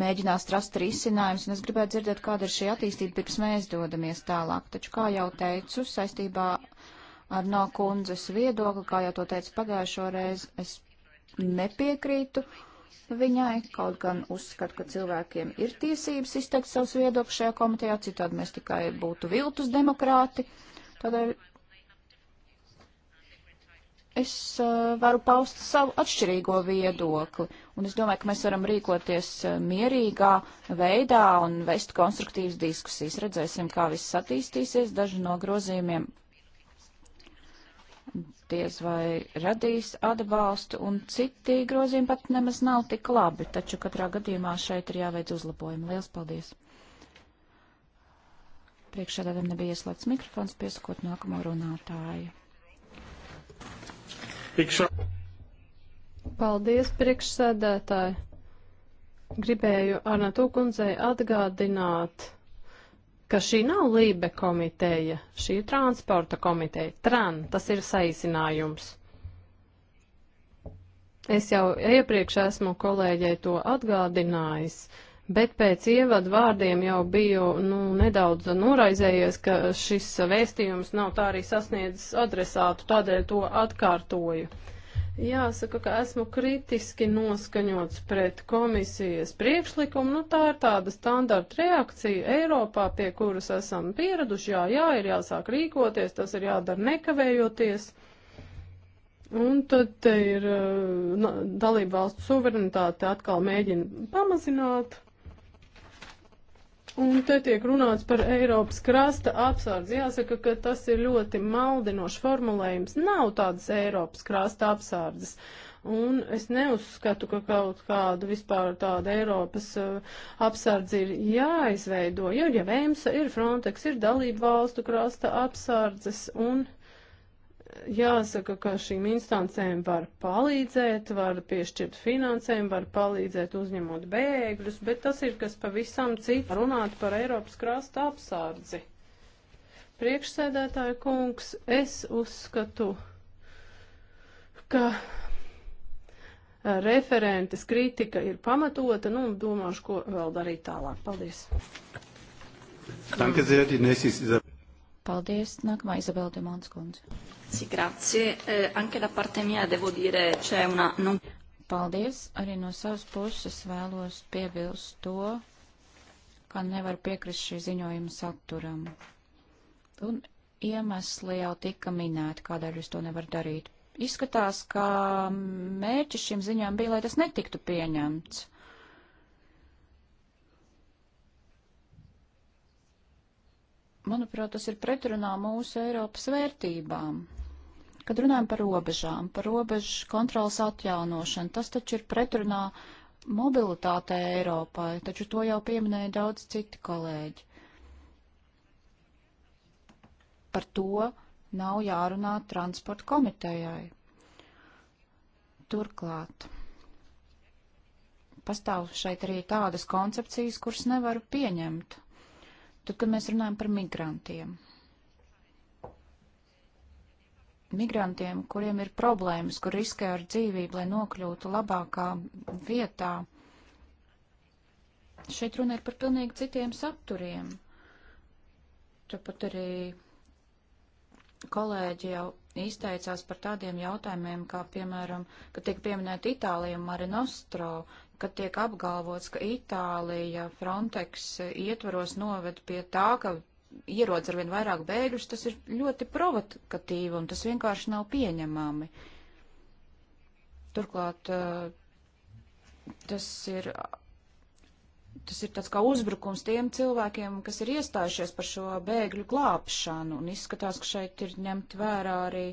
mēģinās rast risinājums, un es gribētu dzirdēt, kāda ir šī attīstība, pirms mēs dodamies tālāk. Taču, kā jau teicu, saistībā ar no kundzes viedokli, kā jau to teicu pagājušo reizi, es nepiekrītu viņai, kaut gan uzskatu, ka cilvēkiem ir tiesības izteikt savus viedokļus šajā komitejā, citādi mēs tikai būtu viltus demokrāti. Tādēļ es uh, varu paust savu atšķirīgo viedokli, un es domāju, ka mēs varam rīkoties uh, mierīgā veidā un vest konstruktīvas diskusijas. Redzēsim, kā viss attīstīsies, daži no grozījumiem diez vai radīs atbalstu, un citi grozījumi pat nemaz nav tik labi, taču katrā gadījumā šeit ir jāveic uzlabojumi. Lielas paldies! Priekšādādam nebija ieslēgts mikrofons, piesakot nākamo runātāju. Tikšā. Paldies, priekšsēdētāji. Gribēju Arnatu kundzei atgādināt, ka šī nav Lībe komiteja, šī ir transporta komiteja. Tran, tas ir saīsinājums. Es jau iepriekš esmu kolēģei to atgādinājis. Uh, bet pēc ievadu vārdiem jau biju nu, nedaudz noraizējies, ka šis vēstījums nav tā arī sasniedzis adresātu, tādēļ to atkārtoju. Jāsaka, ka esmu kritiski noskaņots pret komisijas priekšlikumu. Nu, tā ir tāda standarta reakcija Eiropā, pie kuras esam pieraduši. Jā, jā, ir jāsāk rīkoties, tas ir jādara nekavējoties. Un tad te ir eh, dalība valstu suverenitāte atkal mēģina pamazināt. Un te tiek runāts par Eiropas krasta apsardzi. Jāsaka, ka tas ir ļoti maldinošs formulējums. Nav tādas Eiropas krasta apsardzes. Un es neuzskatu, ka kaut kāda vispār tāda Eiropas uh, apsardze ir jāizveido, jo jau Vēmsa ir Frontex, ir dalību valstu krasta apsardzes un uh, jāsaka, ka šīm instancēm var palīdzēt, var piešķirt finansējumu, var palīdzēt uzņemot bēgļus, bet tas ir kas pavisam cits runāt par Eiropas krasta apsārdzi. Priekšsēdētāja kungs, es uzskatu, ka referentes kritika ir pamatota, nu, domāšu, ko vēl darīt tālāk. Paldies. Danke sehr, die nächste ist Paldies. Nākamā Izabela Demons kundze. Sì, grazie. Eh, anche da parte mia devo dire c'è una... Non... Paldies. Arī no savas puses vēlos piebilst to, ka nevar piekrist šī ziņojuma saturam. Un iemesli jau tika minēti, kādēļ jūs to nevar darīt. Izskatās, ka mērķis šim ziņām bija, lai tas netiktu pieņemts. manuprāt, tas ir pretrunā mūsu Eiropas vērtībām. Kad runājam par robežām, par robežu kontrolas atjaunošanu, tas taču ir pretrunā mobilitātē Eiropai, taču to jau pieminēja daudz citi kolēģi. Par to nav jārunā transporta komitejai. Turklāt pastāv šeit arī tādas koncepcijas, kuras nevaru pieņemt. Tad, kad mēs runājam par migrantiem. Migrantiem, kuriem ir problēmas, kur riskē ar dzīvību, lai nokļūtu labākā vietā. Šeit runa ir par pilnīgi citiem saturiem. Tāpat arī kolēģi jau izteicās par tādiem jautājumiem, kā piemēram, kad tiek pieminēta Itālija un Marinostro. Uh, kad tiek apgalvots, ka Itālija Frontex ietvaros noved pie tā, ka ierodas ar vien vairāk bēgļus, tas ir ļoti provokatīvi un tas vienkārši nav pieņemami. Turklāt eh, tas ir, tas ir tāds kā uzbrukums tiem cilvēkiem, kas ir iestājušies par šo bēgļu glābšanu un izskatās, ka šeit ir ņemt vērā arī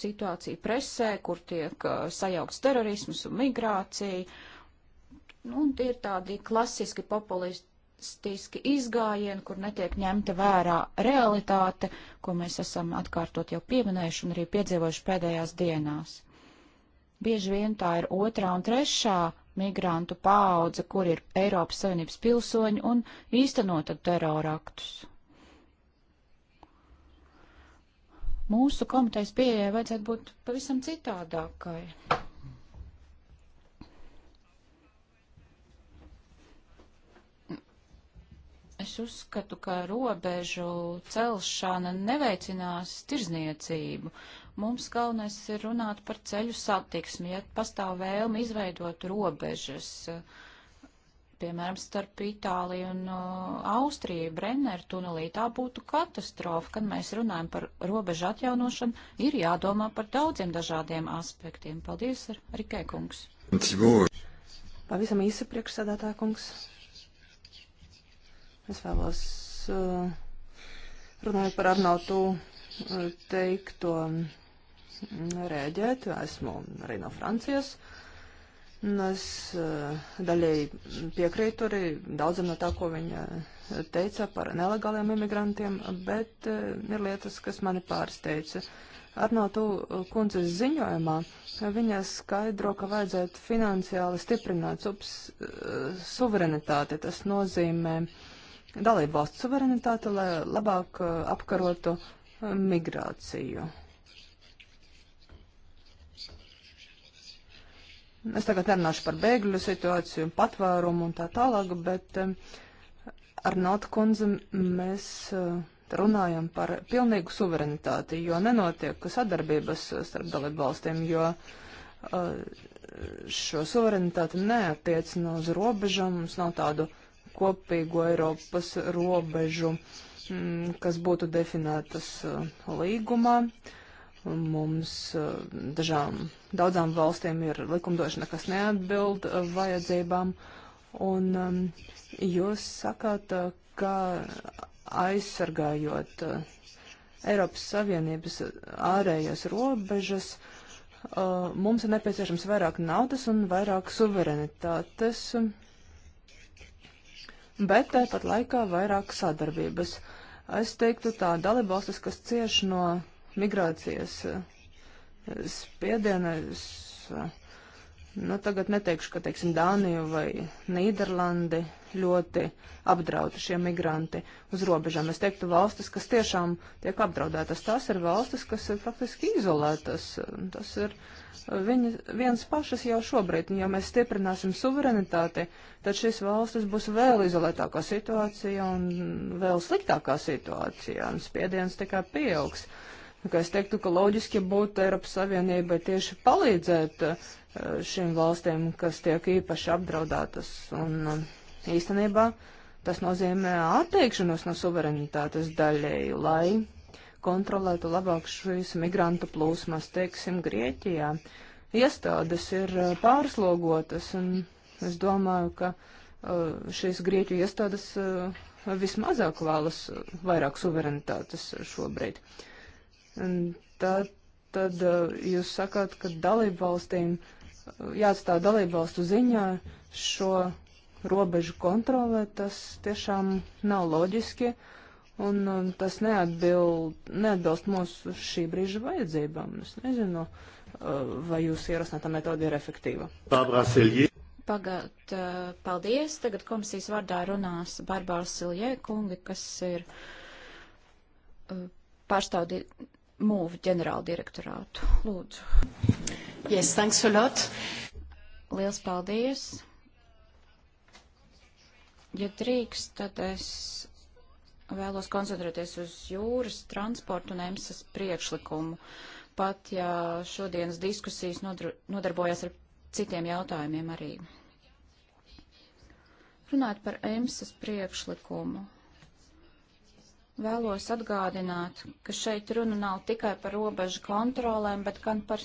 situācija presē, kur tiek eh, sajaukts terorismus un migrācija. Uh, Nu, un tie ir tādi klasiski populistiski izgājieni, kur netiek ņemta vērā realitāte, ko mēs esam atkārtot jau pieminējuši un arī piedzīvojuši pēdējās dienās. Bieži vien tā ir otrā un trešā migrantu paudze, kur ir Eiropas Savienības pilsoņi un īstenota teroraktus. Mūsu komitejas pieejai vajadzētu būt pavisam citādākai. uzskatu, ka robežu celšana neveicinās tirzniecību. Mums galvenais ir runāt par ceļu satiksmi, ja pastāv vēlme izveidot robežas, piemēram, starp Itāliju un Austriju, Brenner tunelī. Tā būtu katastrofa, kad mēs runājam par robežu atjaunošanu, ir jādomā par daudziem dažādiem aspektiem. Paldies, Rikē kungs. Pavisam īsi priekšsēdētā kungs. Es vēlos eh, runājot par Arnautu eh, teikto rēģēt. Esmu arī no Francijas. Es eh, daļēji piekrītu arī daudzam no tā, ko viņa teica par nelegāliem imigrantiem, bet ir lietas, kas mani pārsteidza. Arnautu kundzes ziņojumā viņa skaidro, ka vajadzētu finansiāli stiprināt subs, suverenitāti. Tas nozīmē uh, dalību valstu suverenitāti, lai labāk uh, apkarotu uh, migrāciju. Es tagad nerunāšu par bēgļu situāciju, patvērumu un tā tālāk, bet um, ar Notkundzi mēs uh, runājam par pilnīgu suverenitāti, jo nenotiek sadarbības starp dalību valstīm, jo šo suverenitāti neatiecina uz robežām, mums nav tādu uh, kopīgo Eiropas robežu, mm, kas būtu definētas uh, līgumā. Mums uh, dažām, daudzām valstīm ir likumdošana, kas neatbild uh, vajadzībām. Un um, jūs sakāt, ka aizsargājot Eiropas Savienības ārējās robežas, mums ir nepieciešams vairāk naudas un vairāk suverenitātes bet tāpat laikā vairāk sadarbības. Es teiktu tā, dalībvalstis, kas cieš no migrācijas eh, spiediena, es eh, nu, tagad neteikšu, ka, teiksim, Dāniju vai Nīderlandi ļoti apdrauti šie migranti uz robežām. Es teiktu valstis, kas tiešām tiek apdraudētas. Tās ir valstis, kas ir faktiski izolētas. Tas ir uh, viņas viens pašas jau šobrīd, un ja mēs stiprināsim suverenitāti, tad šīs valstis būs vēl izolētākā situācija un vēl sliktākā situācija, un spiediens tikai pieaugs. Nu, kā es teiktu, ka loģiski būtu Eiropas Savienībai tieši palīdzēt uh, šīm valstīm, kas tiek īpaši apdraudētas, un um, īstenībā tas nozīmē atteikšanos no suverenitātes daļēji, lai kontrolētu labāk šīs migrantu plūsmas, teiksim, Grieķijā. Iestādes ir eh, pārslogotas, un es domāju, ka eh, šīs Grieķu iestādes eh, vismazāk vēlas vairāk suverenitātes šobrīd. Tad, tad jūs sakāt, ka dalību valstīm jāatstāja dalību valstu ziņā šo robežu kontrolē, tas tiešām nav loģiski. Uh, un, un um, tas neatbild, neatbilst mūsu šī brīža vajadzībām. Es nezinu, uh, vai jūsu ierosinātā metode ir efektīva. Pagad, uh, paldies. Tagad komisijas vārdā runās Barbāra Siljē kungi, kas ir uh, pārstāvdi mūvu ģenerāldirektorātu. Lūdzu. Yes, thanks a lot. Liels paldies! Ja drīkst, tad es vēlos koncentrēties uz jūras transportu un EMSAS priekšlikumu, pat ja šodienas diskusijas nodarbojas ar citiem jautājumiem arī. Runājot par EMSAS priekšlikumu, vēlos atgādināt, ka šeit runa nav tikai par robežu kontrolēm, bet gan par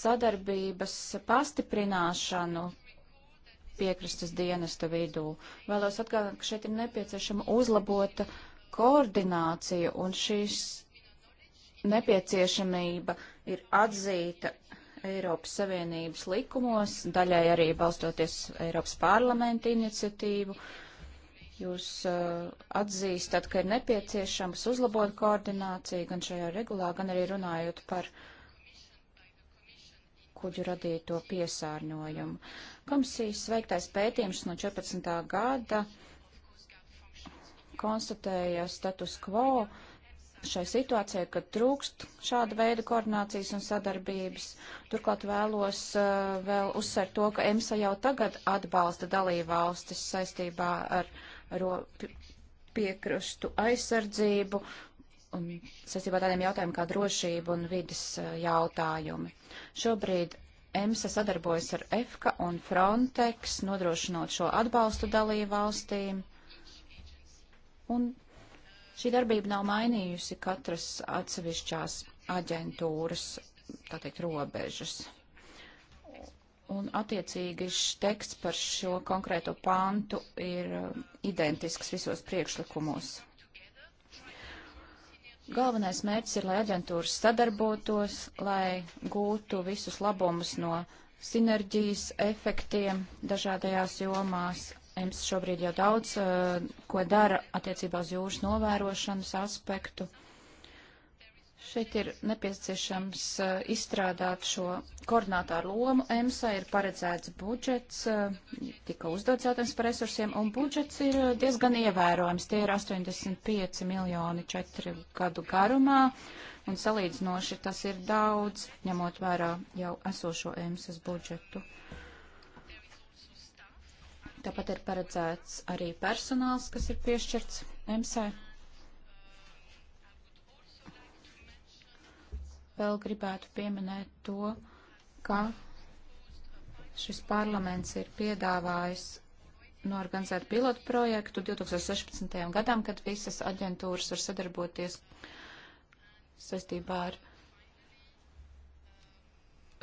sadarbības pastiprināšanu piekrastes dienesta vidū. Vēlos atgādināt, ka šeit ir nepieciešama uzlabota uh, koordinācija un šīs nepieciešamība ir atzīta Eiropas Savienības likumos, daļai arī balstoties Eiropas parlamenta iniciatīvu. Jūs uh, atzīstat, ka ir nepieciešams uzlabot koordināciju gan šajā regulā, gan arī runājot par kuģu radīto piesārņojumu. Komisijas veiktais pētījums no 14. gada uh, konstatēja status quo šai situācijai, kad trūkst šāda veida koordinācijas un sadarbības. Turklāt vēlos uh, vēl uzsvērt to, ka EMSA jau tagad atbalsta dalībvalstis saistībā ar ro, piekrustu aizsardzību un saistībā tādiem jautājumiem kā drošība un vidas uh, jautājumi. Šobrīd EMSA sadarbojas ar EFKA un Frontex, nodrošinot šo atbalstu dalībvalstīm. Un šī darbība nav mainījusi katras atsevišķās aģentūras, tā teikt, robežas. Un attiecīgi teksts par šo konkrēto pantu ir um, identisks visos priekšlikumos. Galvenais mērķis ir, lai aģentūras sadarbotos, lai gūtu visus labumus no sinerģijas efektiem dažādajās jomās, EMS šobrīd jau daudz, ko dara attiecībā uz jūras novērošanas aspektu. Šeit ir nepieciešams izstrādāt šo koordinātāru lomu. EMSA ir paredzēts budžets, tika uzdots jautājums par resursiem, un budžets ir diezgan ievērojams. Tie ir 85 miljoni četru gadu garumā, un salīdzinoši tas ir daudz, ņemot vērā jau esošo EMSAS budžetu. Uh, Tāpat ir paredzēts arī personāls, kas ir piešķirts EMSA. Vēl gribētu pieminēt to, ka šis parlaments ir piedāvājis norganizēt pilotu projektu 2016. gadam, kad visas aģentūras var sadarboties saistībā ar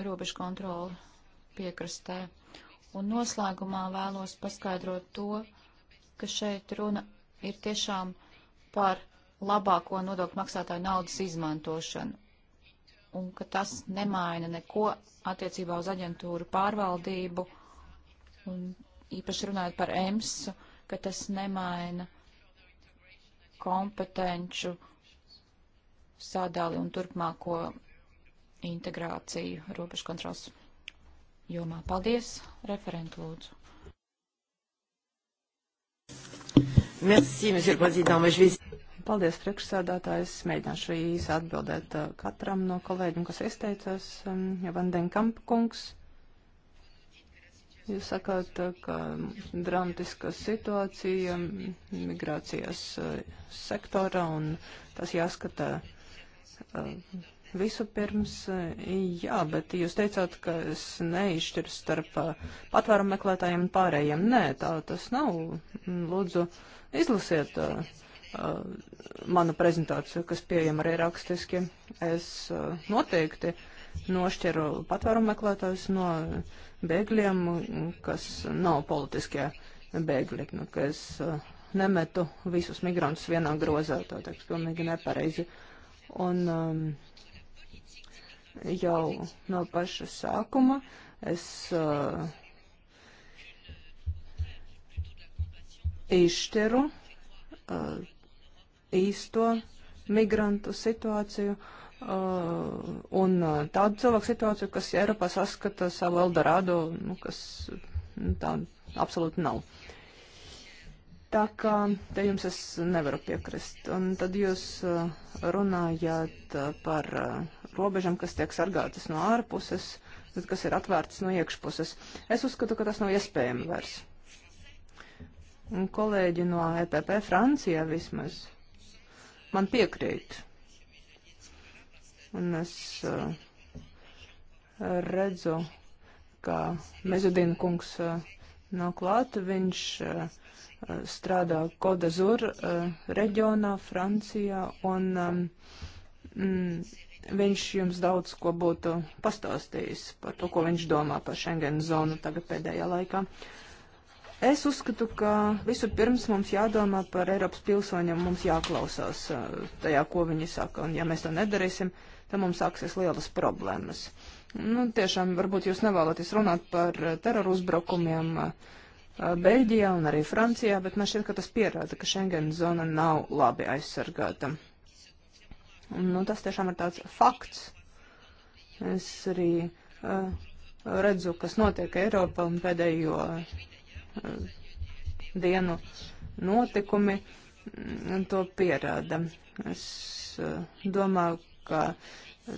robežu kontroli piekrastē. Un noslēgumā vēlos paskaidrot to, ka šeit runa ir tiešām par labāko nodokļu maksātāju naudas izmantošanu. Un ka tas nemaina neko attiecībā uz aģentūru pārvaldību, un īpaši runājot par EMSU, ka tas nemaina kompetenču sadali un turpmāko integrāciju robežu kontrols jomā. Paldies, referentu lūdzu. Merci, monsieur le président. Mais je vais... Paldies, priekšsēdātājs. Mēģināšu īsi atbildēt uh, katram no kolēģiem, kas izteicās. Um, Vandenkamp kungs, jūs sakāt, uh, ka dramatiska situācija um, migrācijas uh, sektorā un tas jāskata Visu pirms, e, jā, bet jūs teicāt, ka es neizšķiru starp e, patvērumu meklētājiem un pārējiem. Nē, tā tas nav. Lūdzu, izlasiet uh, manu prezentāciju, kas pieejama arī rakstiski. Es uh, noteikti nošķiru patvērumu meklētājus no bēgļiem, kas nav politiskie bēgļi, nu, ka es uh, nemetu visus migrantus vienā grozā, tā teiks, pilnīgi nepareizi. Un, um, jau no paša sākuma. Es uh, izšķiru uh, īsto migrantu situāciju uh, un uh, tādu cilvēku situāciju, kas Eiropā saskata savu Eldorado, nu, kas nu, tā absolūti nav. Tā kā te jums es nevaru piekrist. Un tad jūs uh, runājāt uh, par uh, robežām, kas tiek sargātas no ārpuses, tad kas ir atvērtas no iekšpuses. Es uzskatu, ka tas nav iespējams vairs. Un kolēģi no EPP Francijā vismaz man piekrīt. Un es uh, redzu, ka Mezudina kungs uh, nav klāt, viņš uh, strādā Kodazur uh, reģionā Francijā un um, mm, Viņš jums daudz ko būtu pastāstījis par to, ko viņš domā par Schengen zonu tagad pēdējā laikā. Es uzskatu, ka visu pirms mums jādomā par Eiropas pilsoņiem, mums jāklausās eh, tajā, ko viņi saka, un ja mēs to nedarīsim, tad mums sāksies lielas problēmas. Nu, tiešām, varbūt jūs nevēlaties runāt par eh, teroru uzbrukumiem eh, Beļģijā un arī Francijā, bet man šķiet, ka tas pierāda, ka Schengen zona nav labi aizsargāta. Un, nu, tas tiešām ir tāds fakts. Es arī uh, redzu, kas notiek Eiropā un pēdējo uh, dienu notikumi to pierāda. Es uh, domāju, ka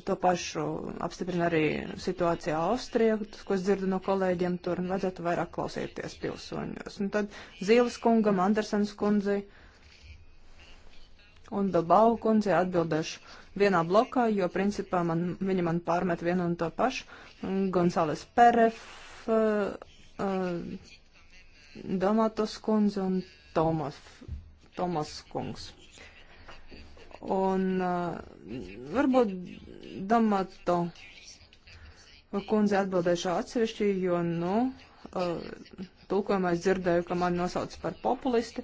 to pašu apstiprina arī situācija Austrijā, ko es dzirdu no kolēģiem tur, un vajadzētu vairāk klausīties pilsoņos. Un tad Zīles kungam, Andersens kundzei. Uh, un Bilbao kundze atbildēšu vienā blokā, jo principā man, viņa man pārmet vienu un to pašu. Gonzales Peref, uh, uh, Donatos kundze un Tomas, Tomas kungs. Un uh, varbūt Donato kundze atbildēšu atsevišķi, jo, nu, uh, tulkojumā es dzirdēju, ka mani nosauc par populisti.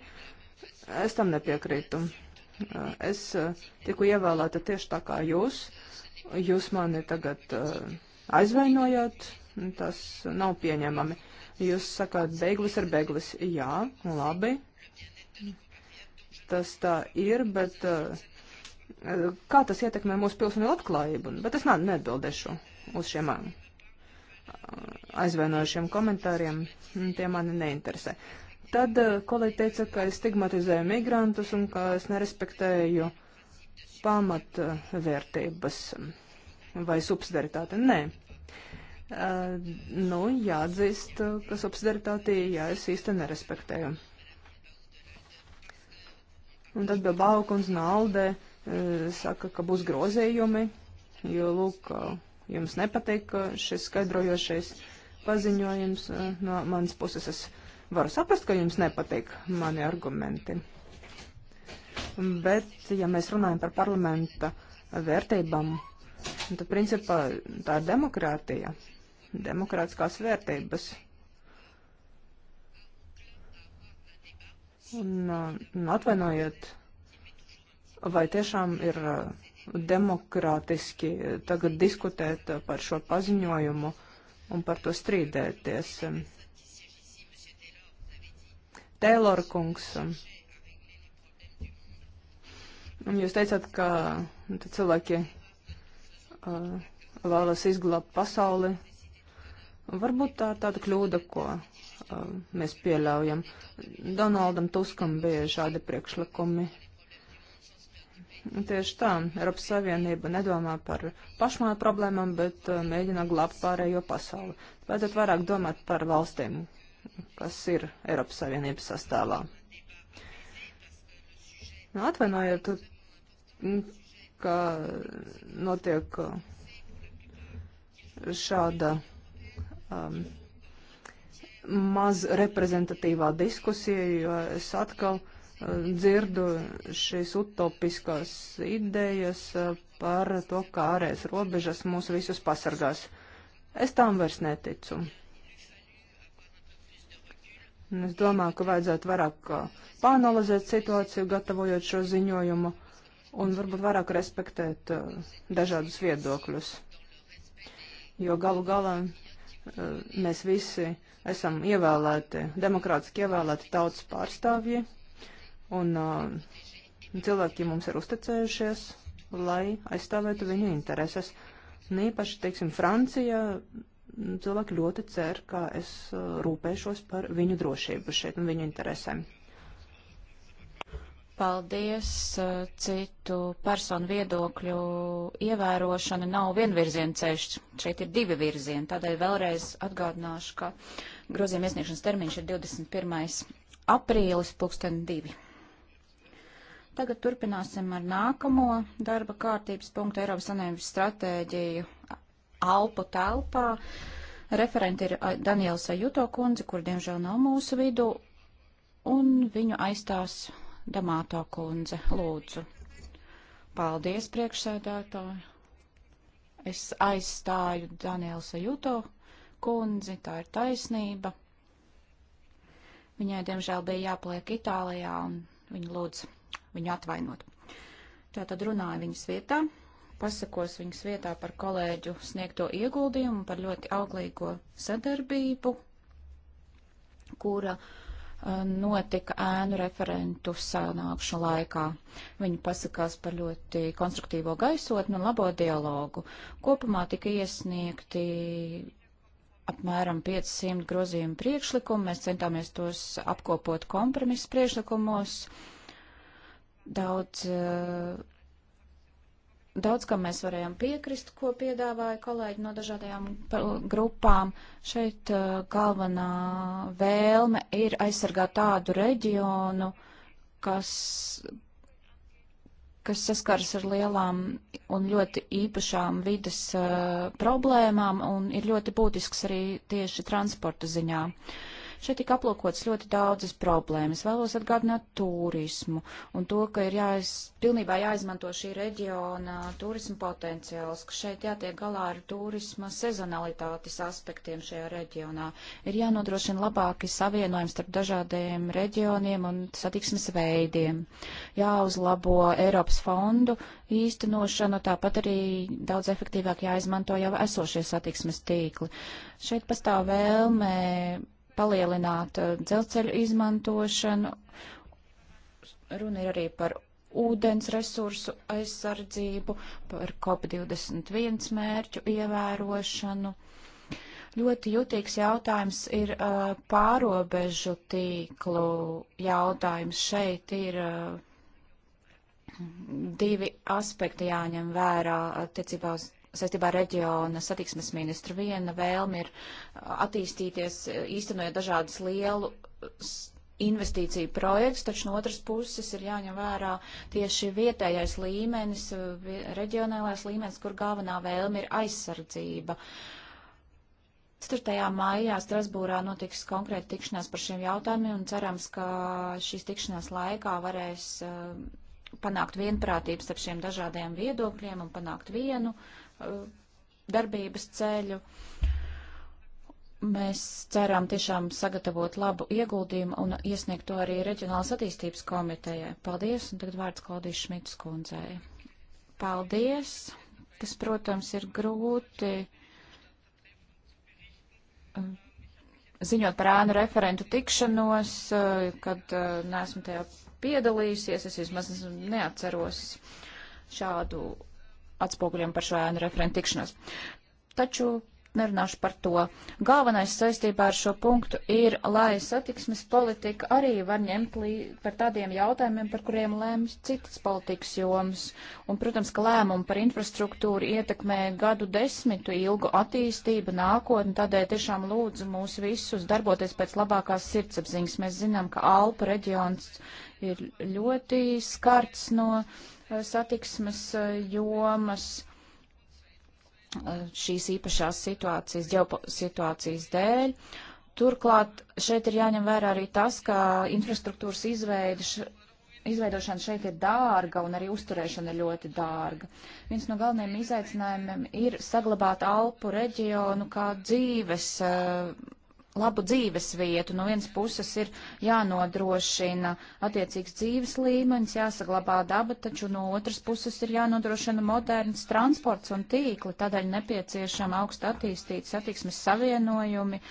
Es tam nepiekrītu. Es eh, tiku ievēlēta tieši tā kā jūs. Jūs mani tagad eh, aizvainojāt, tas nav pieņemami. Jūs sakāt, beiglis ir beiglis. Jā, labi. Tas tā ir, bet eh, kā tas ietekmē mūsu pilsoņu labklājību? Bet es neatbildēšu uz šiem aizvainojušiem komentāriem, tie mani neinteresē. Tad eh, kolēģi teica, ka es stigmatizēju migrantus un ka es nerespektēju pamatvērtības vai subsidaritāti. Nē. Uh, nu, jāatzīst, ka subsidaritāti, jā, es īsti nerespektēju. Un tad bija Balkons un Aldē uh, eh, saka, ka būs grozējumi, jo, lūk, jums nepatīk šis skaidrojošais paziņojums uh, no manas puses. Es Varu saprast, ka jums nepatīk mani argumenti. Bet, ja mēs runājam par parlamenta vērtībām, tad, principā, tā ir demokrātija, demokrātiskās vērtības. Un, un atvainojiet, vai tiešām ir uh, demokrātiski uh, tagad diskutēt uh, par šo paziņojumu un par to strīdēties. Taylor kungs. Un jūs teicāt, ka nu, cilvēki uh, vēlas izglābt pasauli. Varbūt tā ir tāda kļūda, ko uh, mēs pieļaujam. Donaldam Tuskam bija šādi priekšlikumi. Tieši tā, Eiropas Savienība nedomā par pašmāju problēmām, bet uh, mēģina glābt pārējo pasauli. Vajadzētu vairāk domāt par valstīm, kas ir Eiropas Savienības sastāvā. Nu, atvainojiet, ka notiek uh, šāda um, maz reprezentatīvā diskusija, jo es atkal uh, dzirdu šīs utopiskās idejas uh, par to, kā ārējas robežas mūs visus pasargās. Es tām vairs neticu. Es domāju, ka vajadzētu vairāk uh, pāanalizēt situāciju, gatavojot šo ziņojumu, un varbūt vairāk respektēt uh, dažādus viedokļus. Jo galu galā uh, mēs visi esam ievēlēti, demokrātiski ievēlēti tautas pārstāvji, un uh, cilvēki mums ir uzticējušies, lai aizstāvētu viņu intereses. Un īpaši, teiksim, Francija cilvēki ļoti cer, ka es uh, rūpēšos par viņu drošību šeit un viņu interesēm. Paldies! Uh, citu personu viedokļu ievērošana nav vienvirziena ceļš. Šeit ir divi virzieni. Tādēļ vēlreiz atgādināšu, ka grozījuma iesniegšanas termiņš ir 21. aprīlis, pulksten divi. Tagad turpināsim ar nākamo darba kārtības punktu Eiropas Savienības stratēģiju alpu telpā. Referenti ir Daniels Ajuto kundze, kur diemžēl nav mūsu vidu, un viņu aizstās Damāto kundze. Lūdzu. Paldies, priekšsēdētāji. Es aizstāju Daniels Ajuto kundzi, tā ir taisnība. Viņai, diemžēl, bija jāpaliek Itālijā, un viņa lūdz viņu atvainot. Tātad runāja viņas vietā pasakos viņas vietā par kolēģu sniegto ieguldījumu, par ļoti auglīgo sadarbību, kura uh, notika ēnu referentu sanākšu laikā. Viņi pasakās par ļoti konstruktīvo gaisotni un labo dialogu. Kopumā tika iesniegti apmēram 500 grozījumu priekšlikumu. Mēs centāmies tos apkopot kompromisu priekšlikumos. Daudz uh, Daudz, kam mēs varējām piekrist, ko piedāvāja kolēģi no dažādajām grupām. Šeit uh, galvenā vēlme ir aizsargāt tādu reģionu, kas, kas saskaras ar lielām un ļoti īpašām vidas uh, problēmām un ir ļoti būtisks arī tieši transporta ziņā. Uh, Šeit tika aplūkots ļoti daudzas problēmas. Vēlos atgādināt turismu un to, ka ir jāiz, pilnībā jāizmanto šī reģiona turisma potenciāls, ka šeit jātiek galā ar turisma sezonalitātes aspektiem šajā reģionā. Ir jānodrošina labāki savienojums starp dažādiem reģioniem un satiksmes veidiem. Jāuzlabo Eiropas fondu īstenošanu, tāpat arī daudz efektīvāk jāizmanto jau esošie satiksmes tīkli. Šeit pastāv vēlme palielināt eh, dzelceļu izmantošanu. Runa ir arī par ūdens resursu aizsardzību, par COP21 mērķu ievērošanu. Ļoti jūtīgs jautājums ir uh, pārobežu tīklu jautājums. Šeit ir uh, divi aspekti jāņem vērā attiecībā uz saistībā ar reģiona satiksmes ministru. Viena vēlme ir uh, attīstīties, uh, īstenojot dažādas lielu investīciju projekts, taču no otras puses ir jāņem vērā tieši vietējais līmenis, uh, reģionālais līmenis, kur galvenā vēlme ir aizsardzība. 4. maijā Strasbūrā notiks konkrēta tikšanās par šiem jautājumiem un cerams, ka šīs tikšanās laikā varēs panākt vienprātību starp šiem dažādajiem viedokļiem un panākt vienu uh, Uh, darbības ceļu. Mēs ceram tiešām sagatavot labu ieguldījumu un iesniegt to arī Reģionālas attīstības komitejai. Paldies, un tagad vārds Klaudijas Šmitas kundzei. Paldies, kas, protams, ir grūti uh, ziņot par ēnu referentu tikšanos, uh, kad neesmu tajā piedalījusies, es vismaz neatceros šādu atspoguļiem par šo ēnu referentu tikšanos. Taču nerunāšu par to. Galvenais saistībā ar šo punktu ir, lai satiksmes politika arī var ņemt par tādiem jautājumiem, par kuriem lēms citas politikas jomas. Un, protams, ka lēmumi par infrastruktūru ietekmē gadu desmitu ilgu attīstību nākotni, tādēļ tiešām lūdzu mūs visus darboties pēc labākās sirdsapziņas. Mēs zinām, ka Alpa reģions ir ļoti skarts no satiksmes e, jomas e, šīs īpašās situācijas, ģeopolitiskās dēļ. Turklāt šeit ir jāņem vērā arī tas, ka infrastruktūras izveidiš, izveidošana šeit ir dārga un arī uzturēšana ir ļoti dārga. Viens no galvenajiem izaicinājumiem ir saglabāt Alpu reģionu kā dzīves uh, labu dzīves vietu. No vienas puses ir jānodrošina attiecīgs dzīves līmenis, jāsaglabā daba, taču no otras puses ir jānodrošina moderns transports un tīkli, tādēļ nepieciešama augsta attīstīta satiksmes savienojumi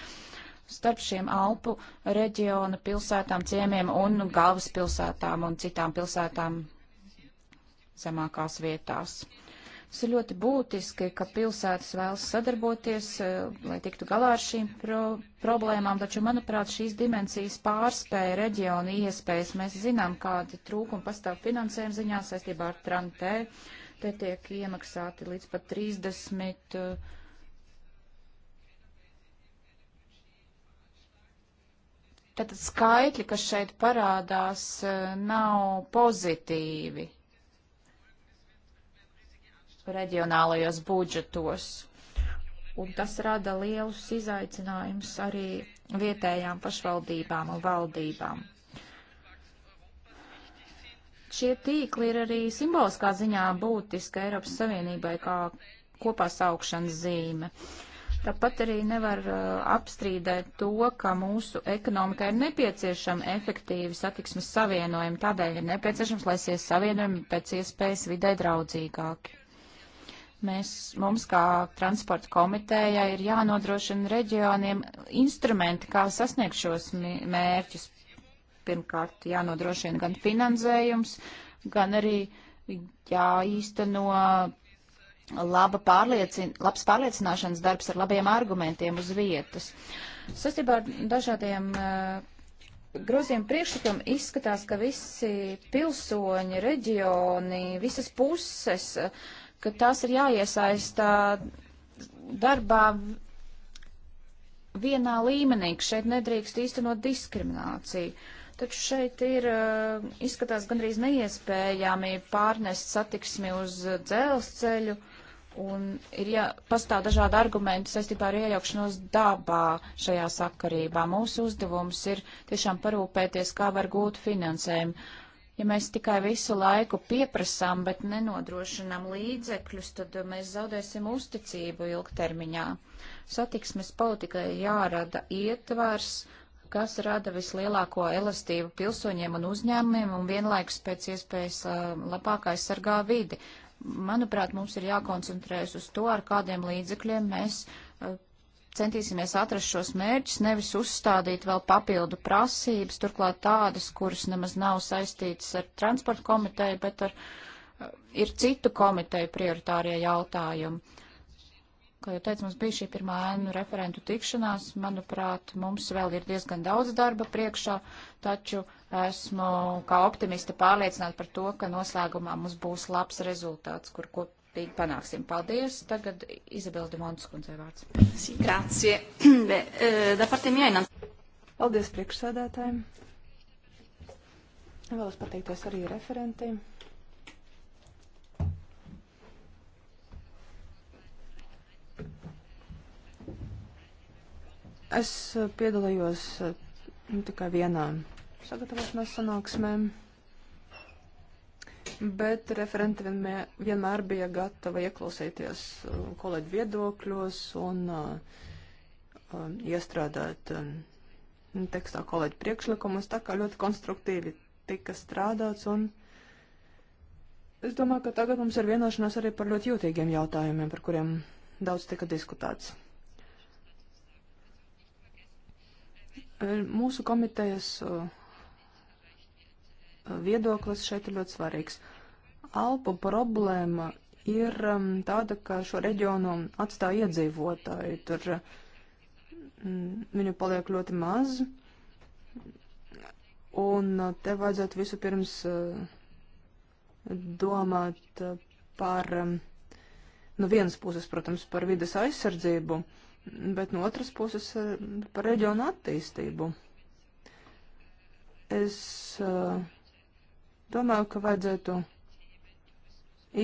starp šiem Alpu reģiona pilsētām, ciemiem un galvaspilsētām un citām pilsētām zemākās vietās. Tas ir ļoti būtiski, ka pilsētas vēlas sadarboties, eh, lai tiktu galā ar šīm pro problēmām, taču, manuprāt, šīs dimensijas pārspēja reģionu iespējas. Mēs zinām, kāda trūkuma pastāv finansējuma ziņā saistībā ar Trantē. Te tiek iemaksāti līdz pat 30 uh, eh, Tātad skaitļi, kas šeit parādās, eh, nav pozitīvi reģionālajos budžetos. Un tas rada lielus izaicinājumus arī vietējām pašvaldībām un valdībām. Šie tīkli ir arī simboliskā ziņā būtiski Eiropas Savienībai kā kopā saukšanas zīme. Tāpat arī nevar uh, apstrīdēt to, ka mūsu ekonomikai ir nepieciešama efektīva satiksmes savienojuma, tādēļ ir nepieciešams, lai šie savienojumi pēc iespējas vidē draudzīgāki. Mēs, mums, kā transporta komitējai, ir jānodrošina reģioniem instrumenti, kā sasniegt šos mērķus. Pirmkārt, jānodrošina gan finansējums, gan arī jāīsteno laba pārliecin, labs pārliecināšanas darbs ar labiem argumentiem uz vietas. Sastībā ar dažādiem uh, eh, groziem priekšlikumiem izskatās, ka visi pilsoņi, reģioni, visas puses uh, ka tās ir jāiesaista darbā vienā līmenī, ka šeit nedrīkst īstenot diskrimināciju. Taču šeit ir, eh, izskatās gandrīz neiespējami pārnest satiksmi uz dzelzceļu un ir jā, pastāv dažādi argumenti saistībā ar iejaukšanos dabā šajā sakarībā. Mūsu uzdevums ir tiešām parūpēties, kā var gūt finansējumu. Ja mēs tikai visu laiku pieprasām, bet nenodrošinām līdzekļus, tad mēs zaudēsim uzticību ilgtermiņā. Satiksmes politikai jārada ietvars, kas rada vislielāko elastību pilsoņiem un uzņēmumiem un vienlaikus pēc iespējas labāk aizsargā vidi. Manuprāt, mums ir jākoncentrējas uz to, ar kādiem līdzekļiem mēs centīsimies atrast šos mērķus, nevis uzstādīt vēl papildu prasības, turklāt tādas, kuras nemaz nav saistītas ar transporta komiteju, bet ar, eh, ir citu komiteju prioritārie jautājumi. Kā jau teicu, mums bija šī pirmā ēnu referentu tikšanās. Manuprāt, mums vēl ir diezgan daudz darba priekšā, taču esmu kā optimista pārliecināta par to, ka noslēgumā mums būs labs rezultāts, kur, ko, kopīgi panāksim. Paldies. Tagad Izabela Dimons kundzei vārds. Grācie. [CLEARS THROAT] Eh, da parte mia inam. Paldies priekšsādātājiem. Vēlos pateikties arī referentiem. Es eh, piedalījos eh, tikai vienā sagatavošanās sanāksmēm bet referenti vienmēr, vienmēr bija gatava ieklausīties uh, kolēģi viedokļos un uh, um, iestrādāt um, tekstā kolēģi priekšlikumus, tā kā ļoti konstruktīvi tika strādāts un es domāju, ka tagad mums ir vienošanās arī par ļoti jūtīgiem jautājumiem, par kuriem daudz tika diskutēts. Uh, mūsu komitejas uh, viedoklis šeit ir ļoti svarīgs. Alpu problēma ir um, tāda, ka šo reģionu atstāja iedzīvotāji. Tur mm, viņu paliek ļoti maz. Un uh, te vajadzētu visu pirms uh, domāt uh, par, um, no vienas puses, protams, par vides aizsardzību, bet no otras puses par reģionu attīstību. Es uh, Domāju, ka vajadzētu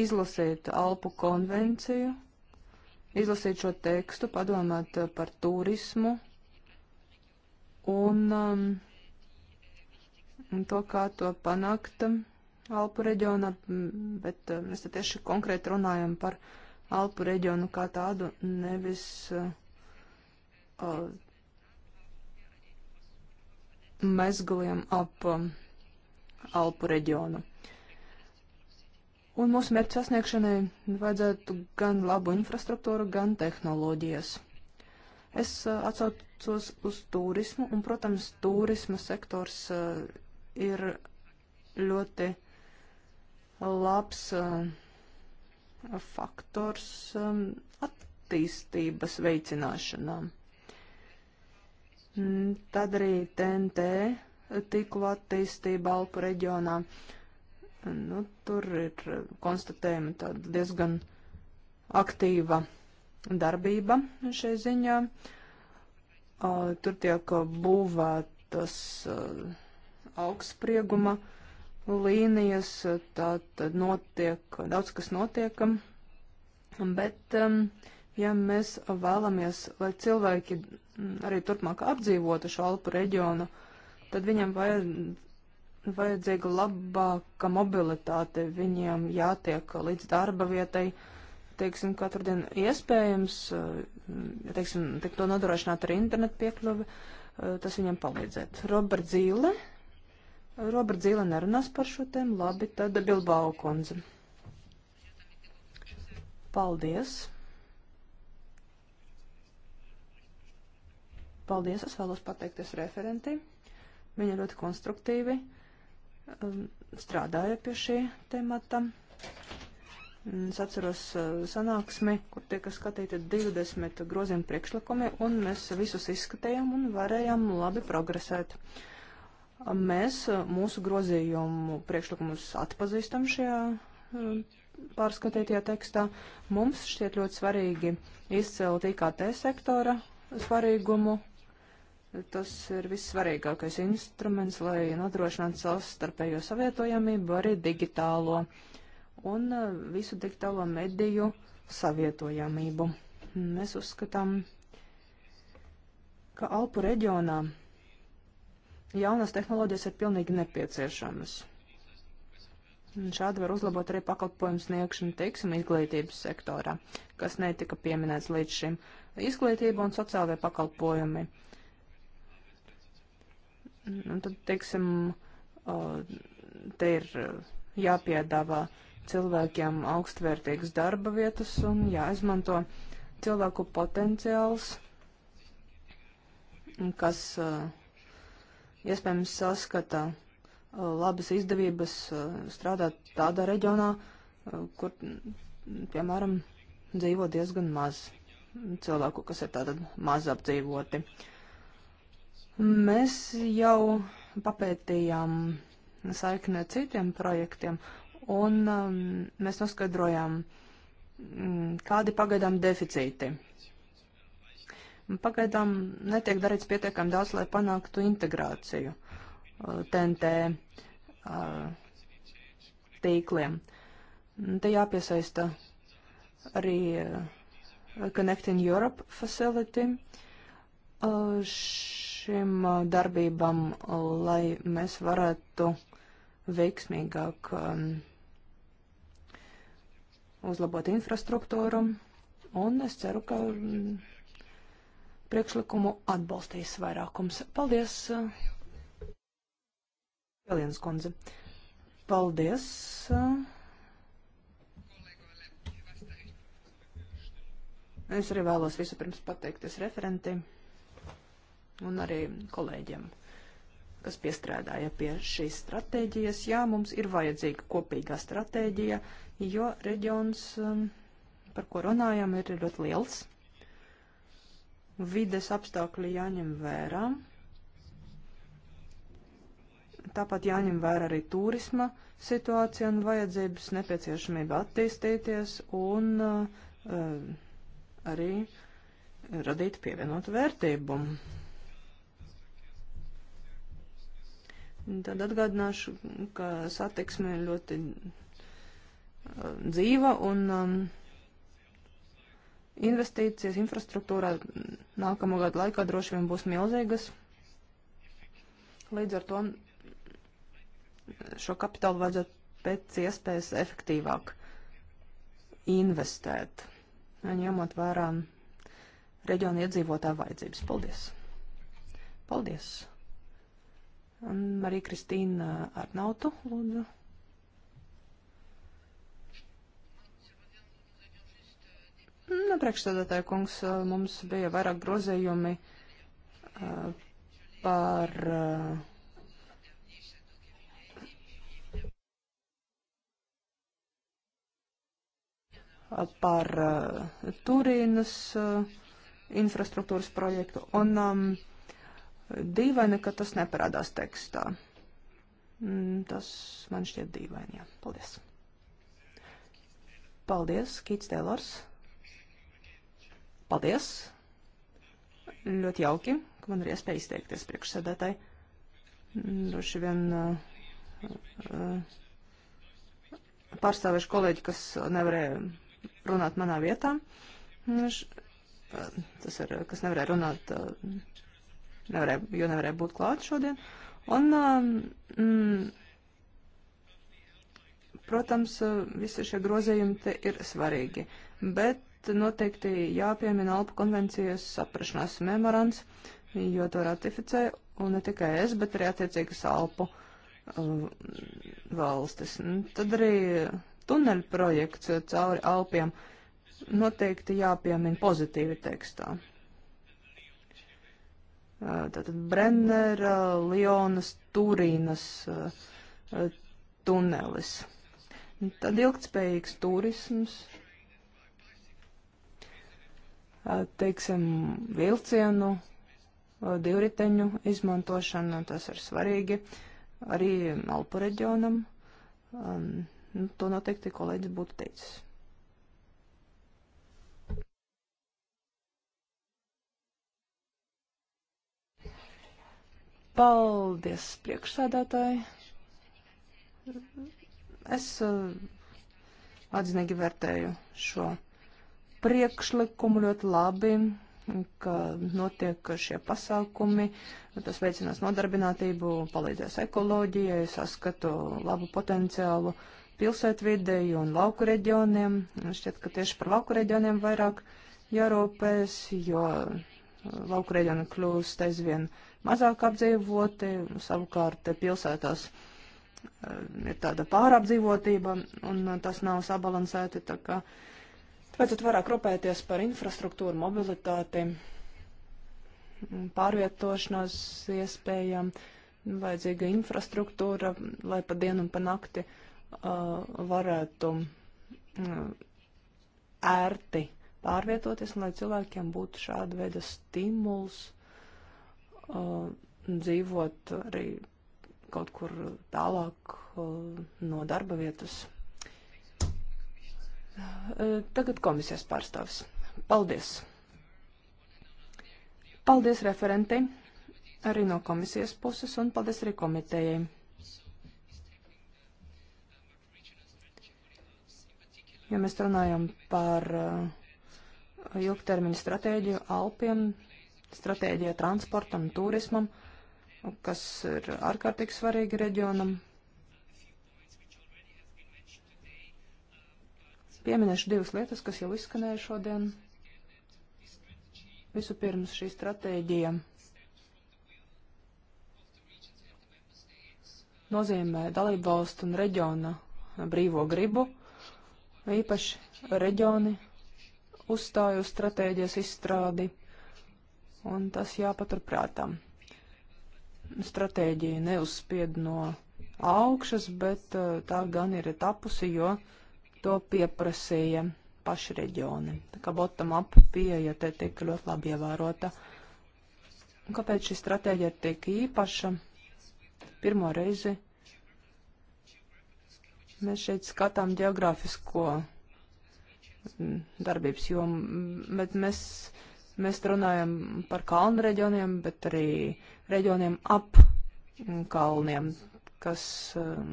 izlasīt Alpu konvenciju, izlasīt šo tekstu, padomāt eh, par turismu un um, to, kā to panākt um, Alpu reģionā, bet um, mēs tieši konkrēti runājam par Alpu reģionu kā tādu, nevis uh, uh mezgliem ap. Um, Alpu reģionu. Un mūsu mērķu sasniegšanai vajadzētu gan labu infrastruktūru, gan tehnoloģijas. Es atsaucos uz turismu, un, protams, turisma sektors ir ļoti labs faktors attīstības veicināšanām. Tad arī TNT tīklu attīstību Alpu reģionā. Nu, tur ir konstatējama tāda diezgan aktīva darbība šai ziņā. Tur tiek būvētas augstsprieguma līnijas, tā tad notiek, daudz kas notiekam. Bet, ja mēs vēlamies, lai cilvēki arī turpmāk apdzīvotu šo Alpu reģionu, uh, tad viņam vajad, vajadzīga labāka mobilitāte, viņiem jātiek līdz darba vietai, teiksim, katru dienu iespējams, teiksim, tiek to nodrošināt ar internetu piekļuvi, eh, tas viņam palīdzēt. Robert Zīle. Robert Zīle nerunās par šo tēmu, labi, tad Bilbao kundze. Paldies. Paldies, es vēlos pateikties referentiem. Viņa ļoti konstruktīvi um, strādāja pie šī temata. Es atceros uh, sanāksmi, kur tika skatīti 20 groziem priekšlikumi, un mēs visus izskatījām un varējām labi progresēt. Um, mēs uh, mūsu grozījumu priekšlikumus atpazīstam šajā um, pārskatītajā tekstā. Mums šķiet ļoti svarīgi izcelt IKT sektora svarīgumu Tas ir vissvarīgākais instruments, lai nodrošinātu savstarpējo savietojamību, arī digitālo un uh, visu digitālo mediju savietojamību. Mēs uzskatām, ka Alpu reģionā jaunas tehnoloģijas ir pilnīgi nepieciešamas. Un šādi var uzlabot arī pakalpojumu sniegšanu, teiksim, izglītības sektorā, kas netika pieminēts līdz šim. Izglītība un sociālajie pakalpojumi. Uh, Un tad, teiksim, te ir jāpiedāvā cilvēkiem augstvērtīgas darba vietas un jāizmanto cilvēku potenciāls, kas iespējams saskata labas izdevības strādāt tādā reģionā, kur, piemēram, dzīvo diezgan maz cilvēku, kas ir tātad maz apdzīvoti. Uh, Mēs jau papētījām saikni ar citiem projektiem, un um, mēs noskaidrojām, um, kādi pagaidām deficīti. Pagaidām netiek darīts pietiekami daudz, lai panāktu integrāciju uh, TNT uh, tīkliem. Te jāpiesaista arī uh, Connecting Europe Facility. Uh, šīm darbībām, lai mēs varētu veiksmīgāk um, uzlabot infrastruktūru. Un es ceru, ka um, priekšlikumu atbalstīs vairākums. Paldies, Jelienas uh, kundze. Paldies. Uh, Es arī vēlos visu pirms pateikties referentiem un arī kolēģiem, kas piestrādāja pie šīs stratēģijas. Jā, mums ir vajadzīga kopīgā stratēģija, jo reģions, um, par ko runājam, ir ļoti liels. Vides apstākļi jāņem vērā. Tāpat jāņem vērā arī turisma situācija un vajadzības nepieciešamība attīstīties un uh, um, arī radīt pievienotu vērtību. Tad atgādināšu, ka satiksme ir ļoti uh, dzīva un um, investīcijas infrastruktūrā nākamo gadu laikā droši vien būs milzīgas. Līdz ar to šo kapitālu vajadzētu pēc iespējas efektīvāk investēt, ņemot vērā reģionu iedzīvotāju vajadzības. Paldies! Paldies! Un arī Kristīna Arnautu, lūdzu. Nu, priekšstādātāja kungs, eh, mums bija vairāk grozējumi uh, eh, par. Uh, par uh, Turīnas uh, infrastruktūras projektu. Un um, dīvaini, ka tas neparādās tekstā. Mm, tas man šķiet dīvaini, jā. Paldies. Paldies, Kīts Tēlors. Paldies. Ļoti jauki, ka man ir iespēja izteikties priekšsēdētāji. Mm, droši vien uh, uh, pārstāvēšu kolēģi, kas nevarēja runāt manā vietā. Mm, uh, tas ir, kas nevarēja runāt nevarēja, jo nevarēja būt klāt šodien. Un, um, mm, protams, uh, visi šie grozījumi te ir svarīgi, bet noteikti jāpiemina Alpu konvencijas saprašanās memorands, jo to ratificē, un ne tikai es, bet arī attiecīgas Alpu uh, valstis. Tad arī tuneļu projekts cauri Alpiem noteikti jāpiemina pozitīvi tekstā. Tātad Brennera, Lionas, Turīnas tunelis. Tad ilgtspējīgs turisms, teiksim, vilcienu, divriteņu izmantošana, tas ir svarīgi arī Alpu reģionam. Um, nu, to noteikti kolēģis būtu teicis. Paldies, priekšsādātāji. Es eh, atzinīgi vērtēju šo priekšlikumu ļoti labi, ka notiek šie pasākumi. Tas veicinās nodarbinātību, palīdzēs ekoloģijai, saskatu labu potenciālu pilsētvidei un lauku reģioniem. Šķiet, ka tieši par lauku reģioniem vairāk jārūpēs, jo lauku reģioni kļūst aizvien mazāk apdzīvoti, savukārt pilsētās eh, ir tāda pārapdzīvotība, un tas nav sabalansēti, tā kā vajadzētu vairāk rūpēties par infrastruktūru, mobilitāti, pārvietošanās iespējām, vajadzīga infrastruktūra, lai pa dienu un pa nakti uh, varētu uh, ērti pārvietoties, un lai cilvēkiem būtu šāda veida stimuls uh, uh, dzīvot arī kaut kur tālāk uh, no darba vietas. Uh, tagad komisijas pārstāvis. Paldies! Paldies referentei, arī no komisijas puses, un paldies arī komitejai. Ja mēs runājam par uh, ilgtermiņa stratēģiju Alpiem, stratēģija transportam, turismam, kas ir ārkārtīgi svarīgi reģionam. Pieminēšu divas lietas, kas jau izskanēja šodien. Vispirms šī stratēģija nozīmē dalību valstu un reģiona brīvo gribu. Īpaši reģioni uzstāju stratēģijas izstrādi un tas jāpaturprātam. Stratēģija neuzspied no augšas, bet uh, tā gan ir tapusi, jo to pieprasīja paši reģioni. Tā kā bottom-up pieeja te tika ļoti labi ievērota. Un kāpēc šī stratēģija ir tik īpaša? Pirmo reizi mēs šeit skatām geogrāfisko mm, darbības jomu, bet mēs Mēs runājam par kalnu reģioniem, bet arī reģioniem ap kalniem, kas, um,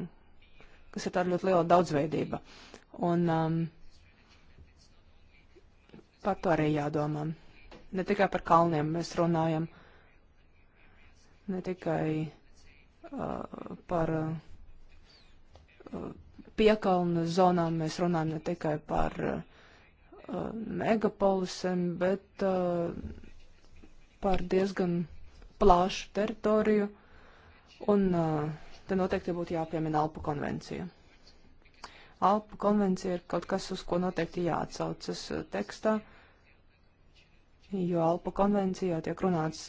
kas ir tāda ļoti liela daudzveidība. Un um, par to arī jādomā. Ne tikai par kalniem mēs runājam, ne tikai uh, par uh, piekalnu zonām mēs runājam, ne tikai par uh, Uh, megapolisiem, bet uh, par diezgan plāšu teritoriju. Un uh, te noteikti būtu jāpiemina Alpu konvencija. Alpu konvencija ir kaut kas, uz ko noteikti jāatsaucas tekstā, jo Alpu konvencijā tiek runāts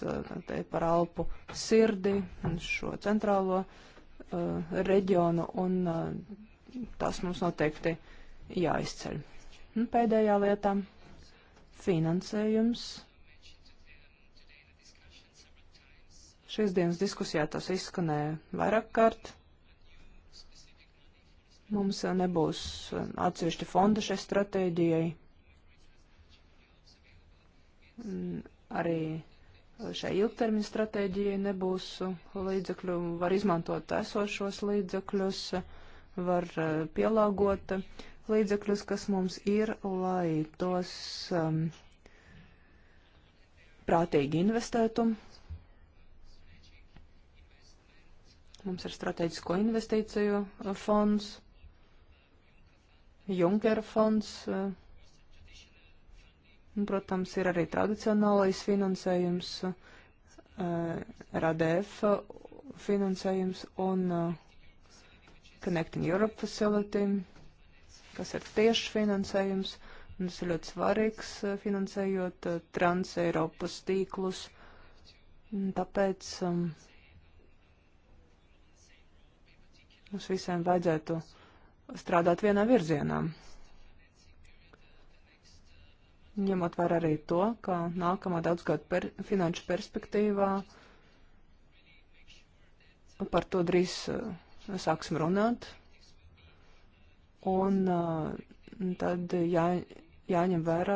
te, par Alpu sirdi, šo centrālo uh, reģionu, un uh, tas mums noteikti jāizceļ. Un nu, pēdējā lietā - finansējums. Šīs dienas diskusijā tas izskanēja vairāk kārt. Mums nebūs atsevišķa fonda šai stratēģijai. Arī šai ilgtermiņa stratēģijai nebūs līdzekļu, var izmantot esošos līdzekļus, var eh, pielāgot līdzekļus, kas mums ir, lai tos um, prātīgi investētu. Mums ir strateģisko investīciju uh, fonds, Junkera fonds. Uh, un, protams, ir arī tradicionālais finansējums, uh, RADF finansējums un Connecting Europe Facility kas ir tieši finansējums, un tas ir ļoti svarīgs eh, finansējot eh, trans-Eiropas tīklus. Tāpēc um, mums visiem vajadzētu strādāt vienā virzienā. Ņemot vērā arī to, ka nākamā daudzgadu per, finanšu perspektīvā par to drīz uh, sāksim runāt, Un uh, tad jā, jāņem vērā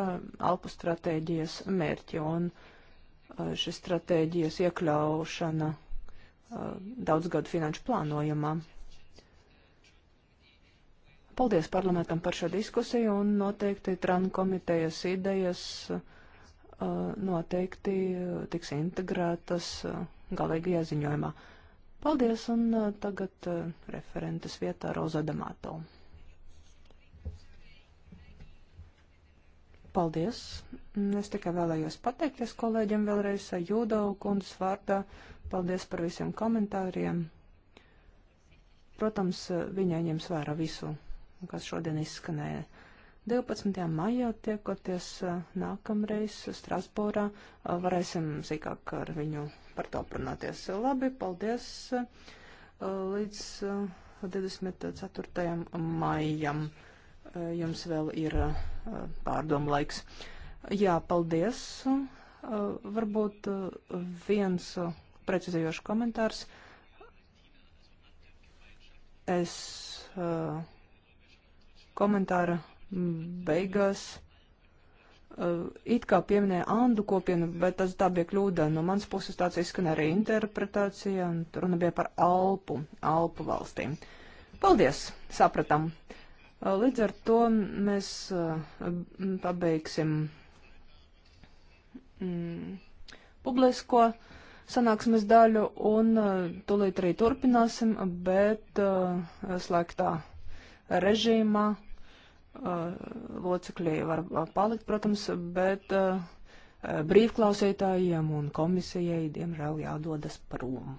alpu stratēģijas mērķi un uh, šis stratēģijas iekļaušana uh, daudzgadu finanšu plānojumā. Paldies parlamentam par šo diskusiju un noteikti Trana komitejas idejas noteikti tiks integrētas galīgajā ziņojumā. Paldies un tagad referentes vietā Roza Damato. Paldies! Es tikai vēlējos pateikties kolēģiem vēlreiz Jūdo kundas vārdā. Paldies par visiem komentāriem. Protams, viņai ņems vērā visu, kas šodien izskanēja. 12. maijā tiekoties nākamreiz Strasbūrā, varēsim sīkāk ar viņu par to aprunāties. Labi, paldies! Līdz 24. Uh, maijam jums vēl ir eh, pārdomu laiks. Jā, paldies. Eh, varbūt eh, viens precizējošs komentārs. Es komentāra beigās it kā pieminēja Andu kopienu, bet tas tā bija kļūda. No mans puses tāds izskan arī interpretācija, un runa bija par Alpu, Alpu valstīm. Paldies, sapratam. Uh, Līdz ar to mēs pabeigsim eh, mm, publisko sanāksmes daļu un eh, tūlīt arī turpināsim, bet eh, slēgtā režīmā locekļi var palikt, protams, bet brīvklausītājiem un komisijai, diemžēl, jādodas prom.